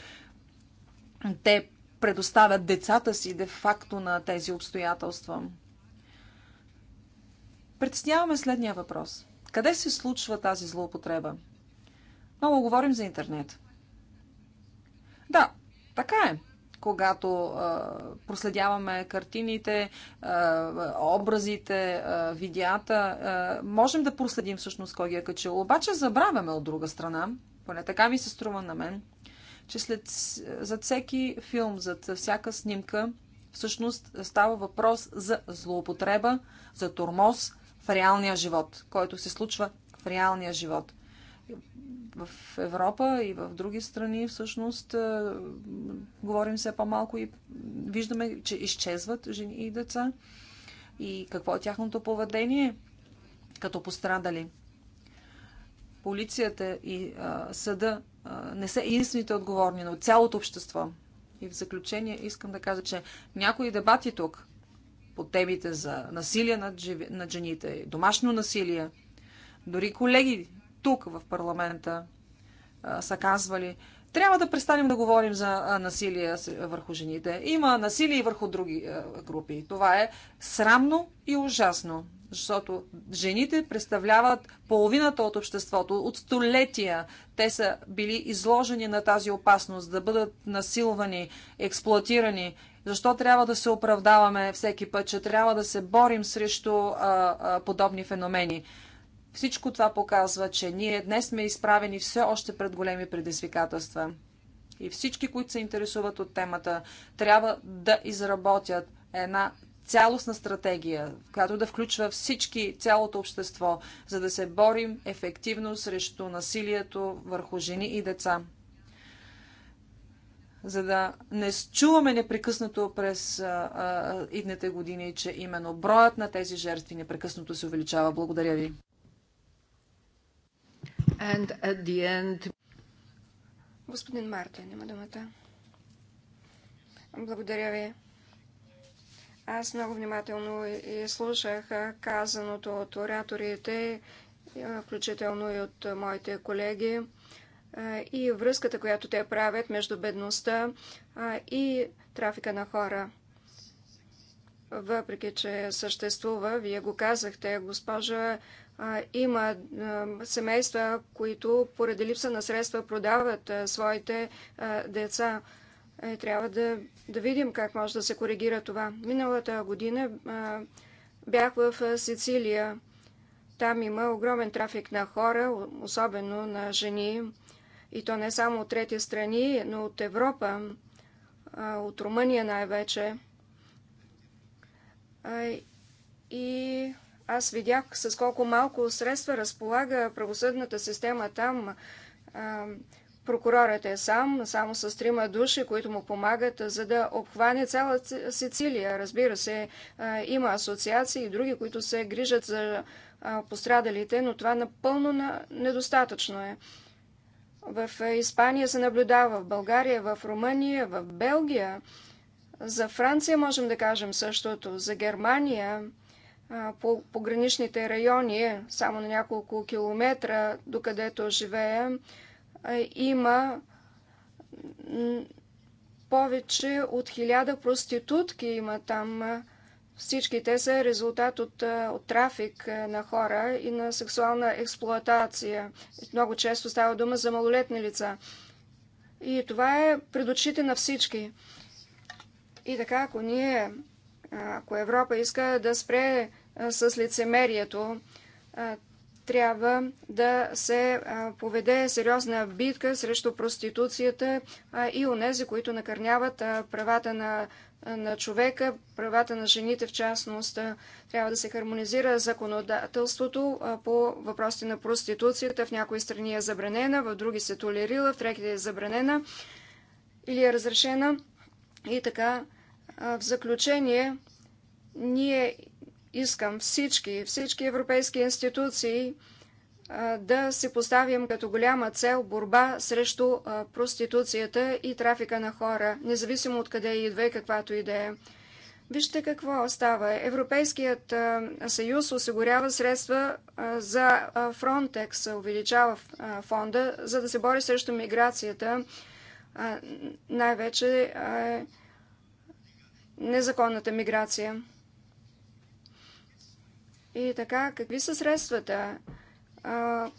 те предоставят децата си де-факто на тези обстоятелства. Притесняваме следния въпрос. Къде се случва тази злоупотреба? Много говорим за интернет. Да, така е. Когато а, проследяваме картините, а, образите, а, видеята, а, можем да проследим всъщност кой ги е качил. Обаче забравяме от друга страна, поне така ми се струва на мен, че след, зад всеки филм, зад всяка снимка, всъщност става въпрос за злоупотреба, за тормоз в реалния живот, който се случва в реалния живот – в Европа и в други страни всъщност е, говорим все по-малко и виждаме, че изчезват жени и деца и какво е тяхното поведение като пострадали. Полицията и а, е, съда а, е, не са единствените отговорни, но цялото общество. И в заключение искам да кажа, че някои дебати тук по темите за насилие над, над жените, домашно насилие, дори колеги тук в парламента са казвали, трябва да престанем да говорим за насилие върху жените. Има насилие и върху други групи. Това е срамно и ужасно, защото жените представляват половината от обществото, от столетия. Те са били изложени на тази опасност да бъдат насилвани, експлуатирани. Защо трябва да се оправдаваме всеки път, че трябва да се борим срещу а, а, подобни феномени? Всичко това показва, че ние днес сме изправени все още пред големи предизвикателства. И всички, които се интересуват от темата, трябва да изработят една цялостна стратегия, която да включва всички, цялото общество, за да се борим ефективно срещу насилието върху жени и деца. За да не чуваме непрекъснато през а, а, идните години, че именно броят на тези жертви непрекъснато се увеличава. Благодаря ви. And at the end... Господин Мартин има думата. Благодаря ви. Аз много внимателно и слушах казаното от ораторите, включително и от моите колеги, и връзката, която те правят между бедността и трафика на хора. Въпреки, че съществува, вие го казахте, госпожа има семейства, които поради липса на средства продават своите деца. Е, трябва да, да видим как може да се коригира това. Миналата година бях в Сицилия. Там има огромен трафик на хора, особено на жени. И то не само от трети страни, но от Европа, от Румъния най-вече. И аз видях с колко малко средства разполага правосъдната система там. Прокурорът е сам, само с трима души, които му помагат, за да обхване цяла Сицилия. Разбира се, има асоциации и други, които се грижат за пострадалите, но това напълно недостатъчно е. В Испания се наблюдава, в България, в Румъния, в Белгия. За Франция можем да кажем същото, за Германия – по пограничните райони, само на няколко километра, докъдето живеем, има повече от хиляда проститутки има там. Всички те са резултат от, от трафик на хора и на сексуална експлоатация. Много често става дума за малолетни лица. И това е пред очите на всички. И така, ако ние ако Европа иска да спре с лицемерието, трябва да се поведе сериозна битка срещу проституцията и онези, които накърняват правата на, на човека, правата на жените в частност. Трябва да се хармонизира законодателството по въпросите на проституцията. В някои страни е забранена, в други се толерила, в трети е забранена или е разрешена. И така в заключение, ние искам всички, всички европейски институции да се поставим като голяма цел борба срещу проституцията и трафика на хора, независимо от къде идва и каквато идея. Вижте какво става. Европейският съюз осигурява средства за Фронтекс, увеличава фонда, за да се бори срещу миграцията, най-вече незаконната миграция. И така, какви са средствата,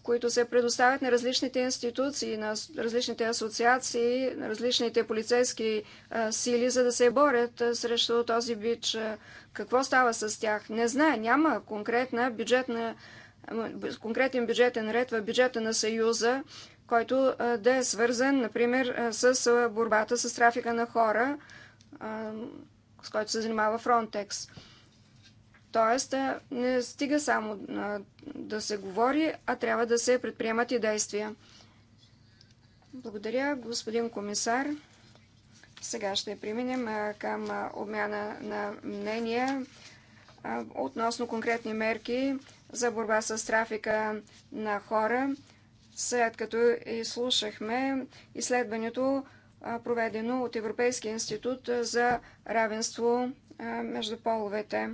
които се предоставят на различните институции, на различните асоциации, на различните полицейски сили, за да се борят срещу този бич? Какво става с тях? Не знае, няма конкретна бюджетна, конкретен бюджетен ред в бюджета на Съюза, който да е свързан, например, с борбата с трафика на хора, с който се занимава Фронтекс. Тоест, е, не стига само да се говори, а трябва да се предприемат и действия. Благодаря, господин комисар. Сега ще преминем към обмяна на мнения относно конкретни мерки за борба с трафика на хора, след като изслушахме изследването проведено от Европейския институт за равенство между половете.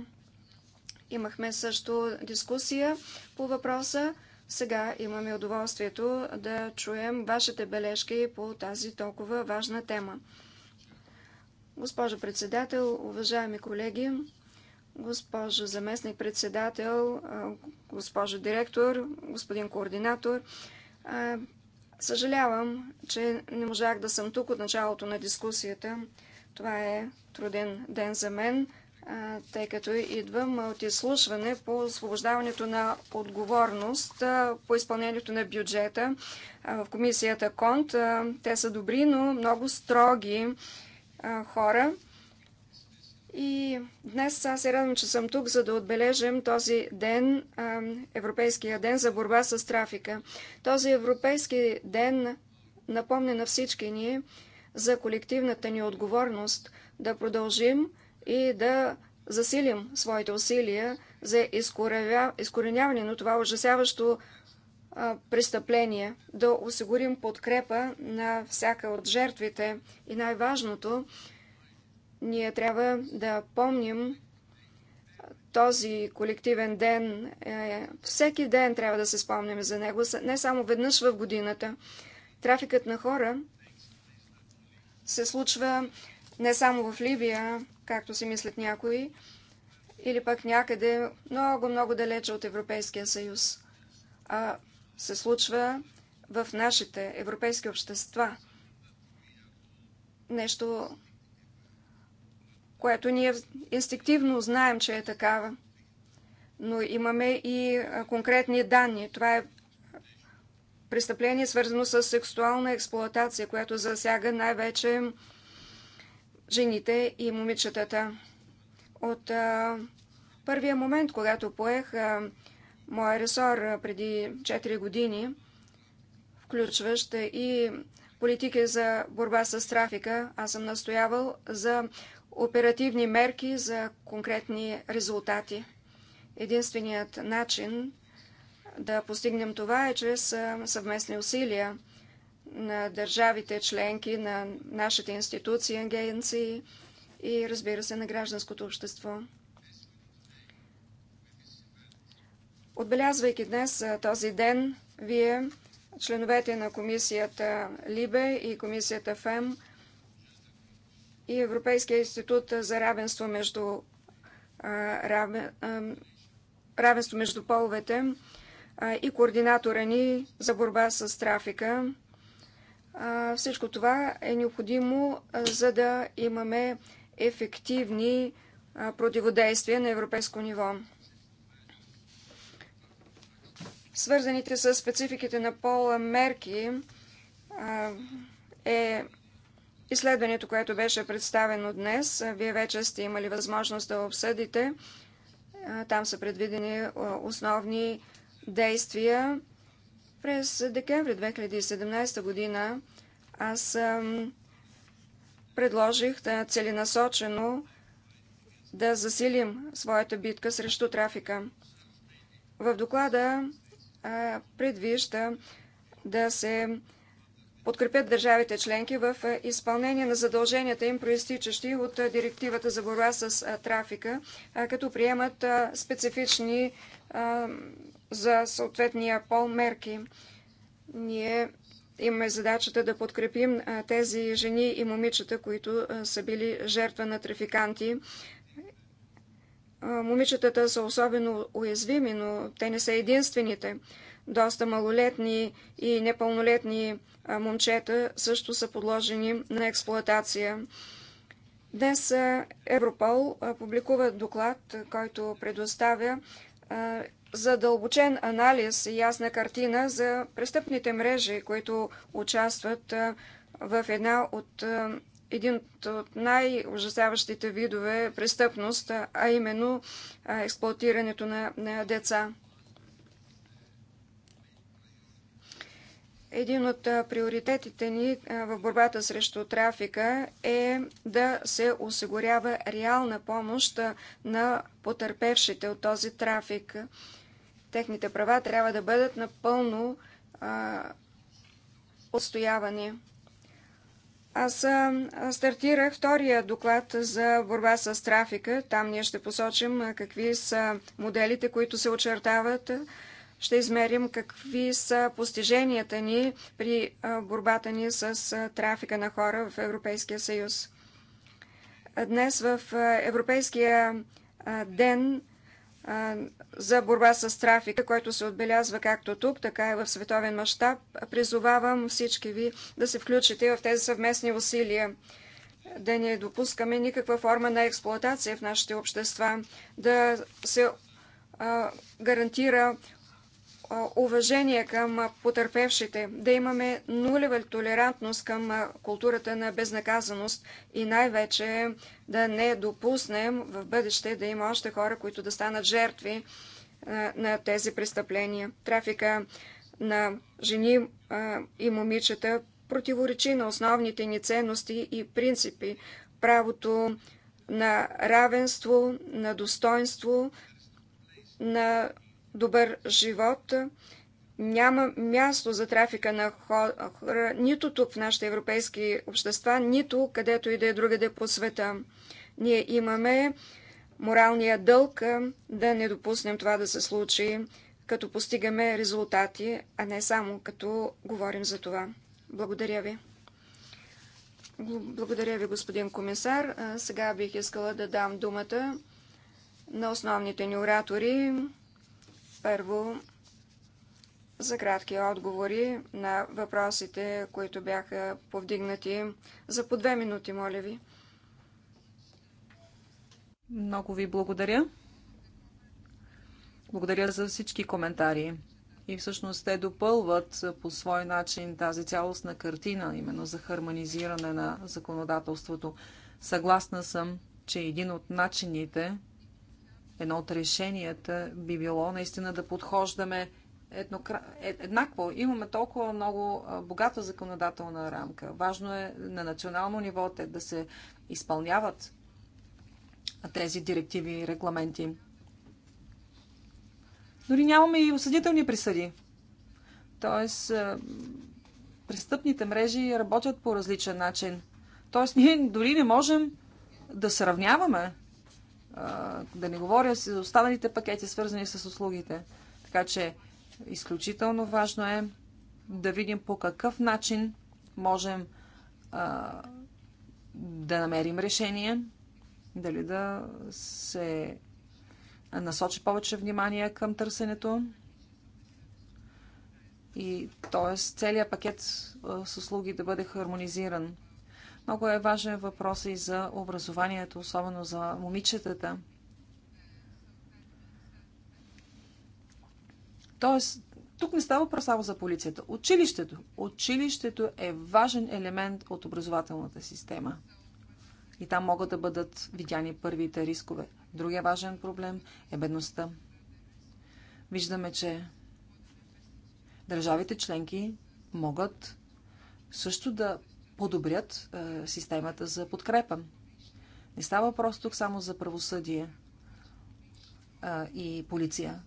Имахме също дискусия по въпроса. Сега имаме удоволствието да чуем вашите бележки по тази толкова важна тема. Госпожо председател, уважаеми колеги, госпожо заместник председател, госпожо директор, господин координатор, Съжалявам, че не можах да съм тук от началото на дискусията. Това е труден ден за мен, тъй като идвам от изслушване по освобождаването на отговорност по изпълнението на бюджета в комисията КОНТ. Те са добри, но много строги хора. И днес аз се радвам, че съм тук, за да отбележим този ден, Европейския ден за борба с трафика. Този Европейски ден напомня на всички ни за колективната ни отговорност да продължим и да засилим своите усилия за изкореняване на това ужасяващо престъпление, да осигурим подкрепа на всяка от жертвите и най-важното ние трябва да помним този колективен ден. Е, всеки ден трябва да се спомним за него, не само веднъж в годината. Трафикът на хора се случва не само в Ливия, както си мислят някои, или пък някъде много-много далече от Европейския съюз, а се случва в нашите европейски общества. Нещо което ние инстинктивно знаем, че е такава. Но имаме и конкретни данни. Това е престъпление, свързано с сексуална експлоатация, което засяга най-вече жените и момичетата. От а, първия момент, когато поех а, моя ресор а, преди 4 години, включващ и политики за борба с трафика, аз съм настоявал за оперативни мерки за конкретни резултати. Единственият начин да постигнем това е чрез съвместни усилия на държавите членки, на нашите институции, агенции и разбира се на гражданското общество. Отбелязвайки днес този ден, вие, членовете на комисията Либе и комисията ФЕМ, и Европейския институт за равенство между, равенство между половете и координатора ни за борба с трафика. Всичко това е необходимо, за да имаме ефективни противодействия на европейско ниво. Свързаните с спецификите на пола мерки е Изследването, което беше представено днес, вие вече сте имали възможност да обсъдите. Там са предвидени основни действия. През декември 2017 година аз предложих целенасочено да засилим своята битка срещу трафика. В доклада предвижда да се подкрепят държавите членки в е, изпълнение на задълженията им, проистичащи от е, директивата за борба с е, трафика, като приемат специфични за съответния пол мерки. Ние имаме задачата да подкрепим тези жени и момичета, които са били жертва на трафиканти. Момичетата са особено уязвими, но те не са единствените доста малолетни и непълнолетни момчета също са подложени на експлоатация. Днес Европол публикува доклад, който предоставя задълбочен анализ и ясна картина за престъпните мрежи, които участват в една от един от най-ужасяващите видове престъпност, а именно експлуатирането на деца. Един от приоритетите ни в борбата срещу трафика е да се осигурява реална помощ на потърпевшите от този трафик. Техните права трябва да бъдат напълно отстоявани. Аз стартирах втория доклад за борба с трафика. Там ние ще посочим какви са моделите, които се очертават, ще измерим какви са постиженията ни при борбата ни с трафика на хора в Европейския съюз. Днес в Европейския ден за борба с трафика, който се отбелязва както тук, така и в световен мащаб. Призовавам всички ви да се включите в тези съвместни усилия, да не допускаме никаква форма на експлоатация в нашите общества, да се гарантира уважение към потърпевшите, да имаме нулева толерантност към културата на безнаказаност и най-вече да не допуснем в бъдеще да има още хора, които да станат жертви на тези престъпления. Трафика на жени и момичета противоречи на основните ни ценности и принципи. Правото на равенство, на достоинство, на добър живот. Няма място за трафика на хора нито тук в нашите европейски общества, нито където и да е другаде по света. Ние имаме моралния дълг да не допуснем това да се случи, като постигаме резултати, а не само като говорим за това. Благодаря ви. Благодаря ви, господин комисар. Сега бих искала да дам думата на основните ни оратори. Първо, за кратки отговори на въпросите, които бяха повдигнати. За по две минути, моля ви. Много ви благодаря. Благодаря за всички коментари. И всъщност те допълват по свой начин тази цялостна картина, именно за хармонизиране на законодателството. Съгласна съм, че един от начините едно от решенията би било наистина да подхождаме еднокра... Е, еднакво. Имаме толкова много богата законодателна рамка. Важно е на национално ниво те да се изпълняват тези директиви и регламенти. Дори нямаме и осъдителни присъди. Тоест, престъпните мрежи работят по различен начин. Тоест, ние дори не можем да сравняваме да не говоря за останалите пакети, свързани с услугите. Така че изключително важно е да видим по какъв начин можем а, да намерим решение, дали да се насочи повече внимание към търсенето. И т.е. целият пакет с услуги да бъде хармонизиран. Много е важен въпрос и за образованието, особено за момичетата. Тоест, тук не става въпрос само за полицията. Училището. Училището е важен елемент от образователната система. И там могат да бъдат видяни първите рискове. Другия важен проблем е бедността. Виждаме, че държавите членки могат също да подобрят е, системата за подкрепа. Не става въпрос тук само за правосъдие е, и полиция.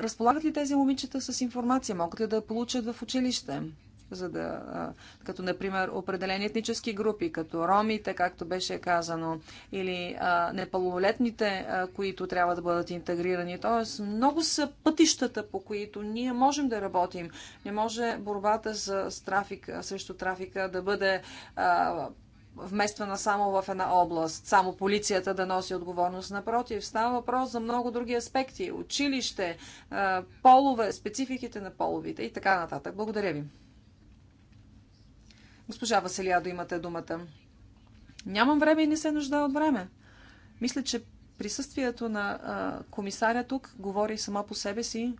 Разполагат ли тези момичета с информация? Могат ли да я получат в училище? за да, като например определени етнически групи, като ромите, както беше казано, или непълнолетните, които трябва да бъдат интегрирани. Тоест, много са пътищата, по които ние можем да работим. Не може борбата за с трафика, срещу трафика да бъде вместена вмествана само в една област, само полицията да носи отговорност. Напротив, става въпрос за много други аспекти. Училище, полове, спецификите на половите и така нататък. Благодаря ви. Госпожа Василиадо, имате думата. Нямам време и не се нужда от време. Мисля, че присъствието на комисаря тук говори сама по себе си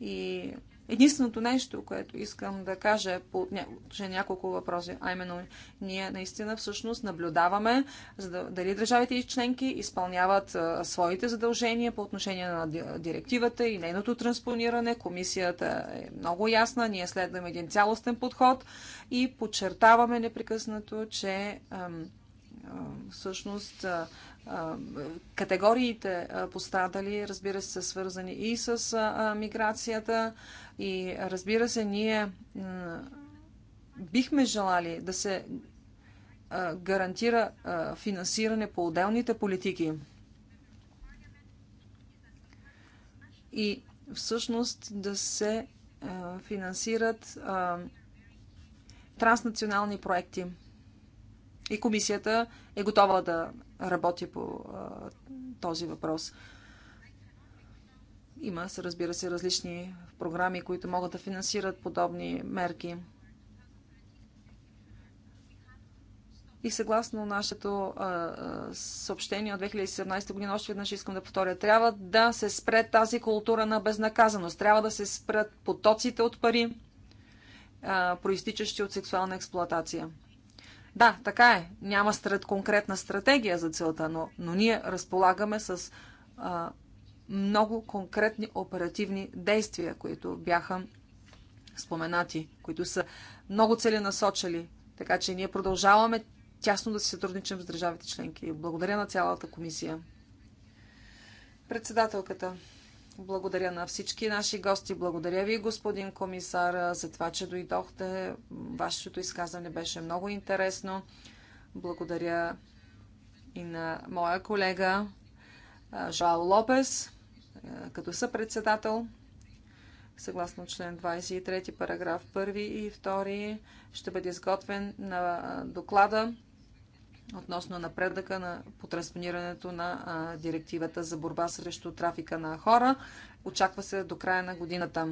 и Единственото нещо, което искам да кажа по отношение няколко въпроси, а именно ние наистина всъщност наблюдаваме за да, дали държавите и членки изпълняват а, своите задължения по отношение на директивата и нейното транспониране. Комисията е много ясна, ние следваме един цялостен подход и подчертаваме непрекъснато, че ам, всъщност Категориите пострадали, разбира се, са свързани и с миграцията. И разбира се, ние бихме желали да се гарантира финансиране по отделните политики. И всъщност да се финансират транснационални проекти. И комисията е готова да работи по а, този въпрос. Има, се, разбира се, различни програми, които могат да финансират подобни мерки. И съгласно нашето а, съобщение от 2017 година, още веднъж искам да повторя, трябва да се спре тази култура на безнаказаност, трябва да се спрат потоците от пари, а, проистичащи от сексуална експлоатация. Да, така е. Няма стрет, конкретна стратегия за целта, но, но ние разполагаме с а, много конкретни оперативни действия, които бяха споменати, които са много целенасочени. Така че ние продължаваме тясно да си сътрудничим с държавите членки. Благодаря на цялата комисия. Председателката. Благодаря на всички наши гости. Благодаря ви, господин комисар, за това, че дойдохте. Вашето изказване беше много интересно. Благодаря и на моя колега Жал Лопес, като съпредседател. Съгласно член 23, параграф 1 и 2, ще бъде изготвен на доклада относно напредъка на, по транспонирането на а, директивата за борба срещу трафика на хора. Очаква се до края на годината.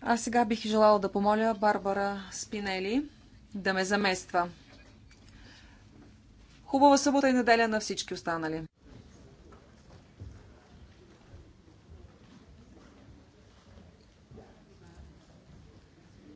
А сега бих желала да помоля Барбара Спинели да ме замества. Хубава събота и неделя на всички останали.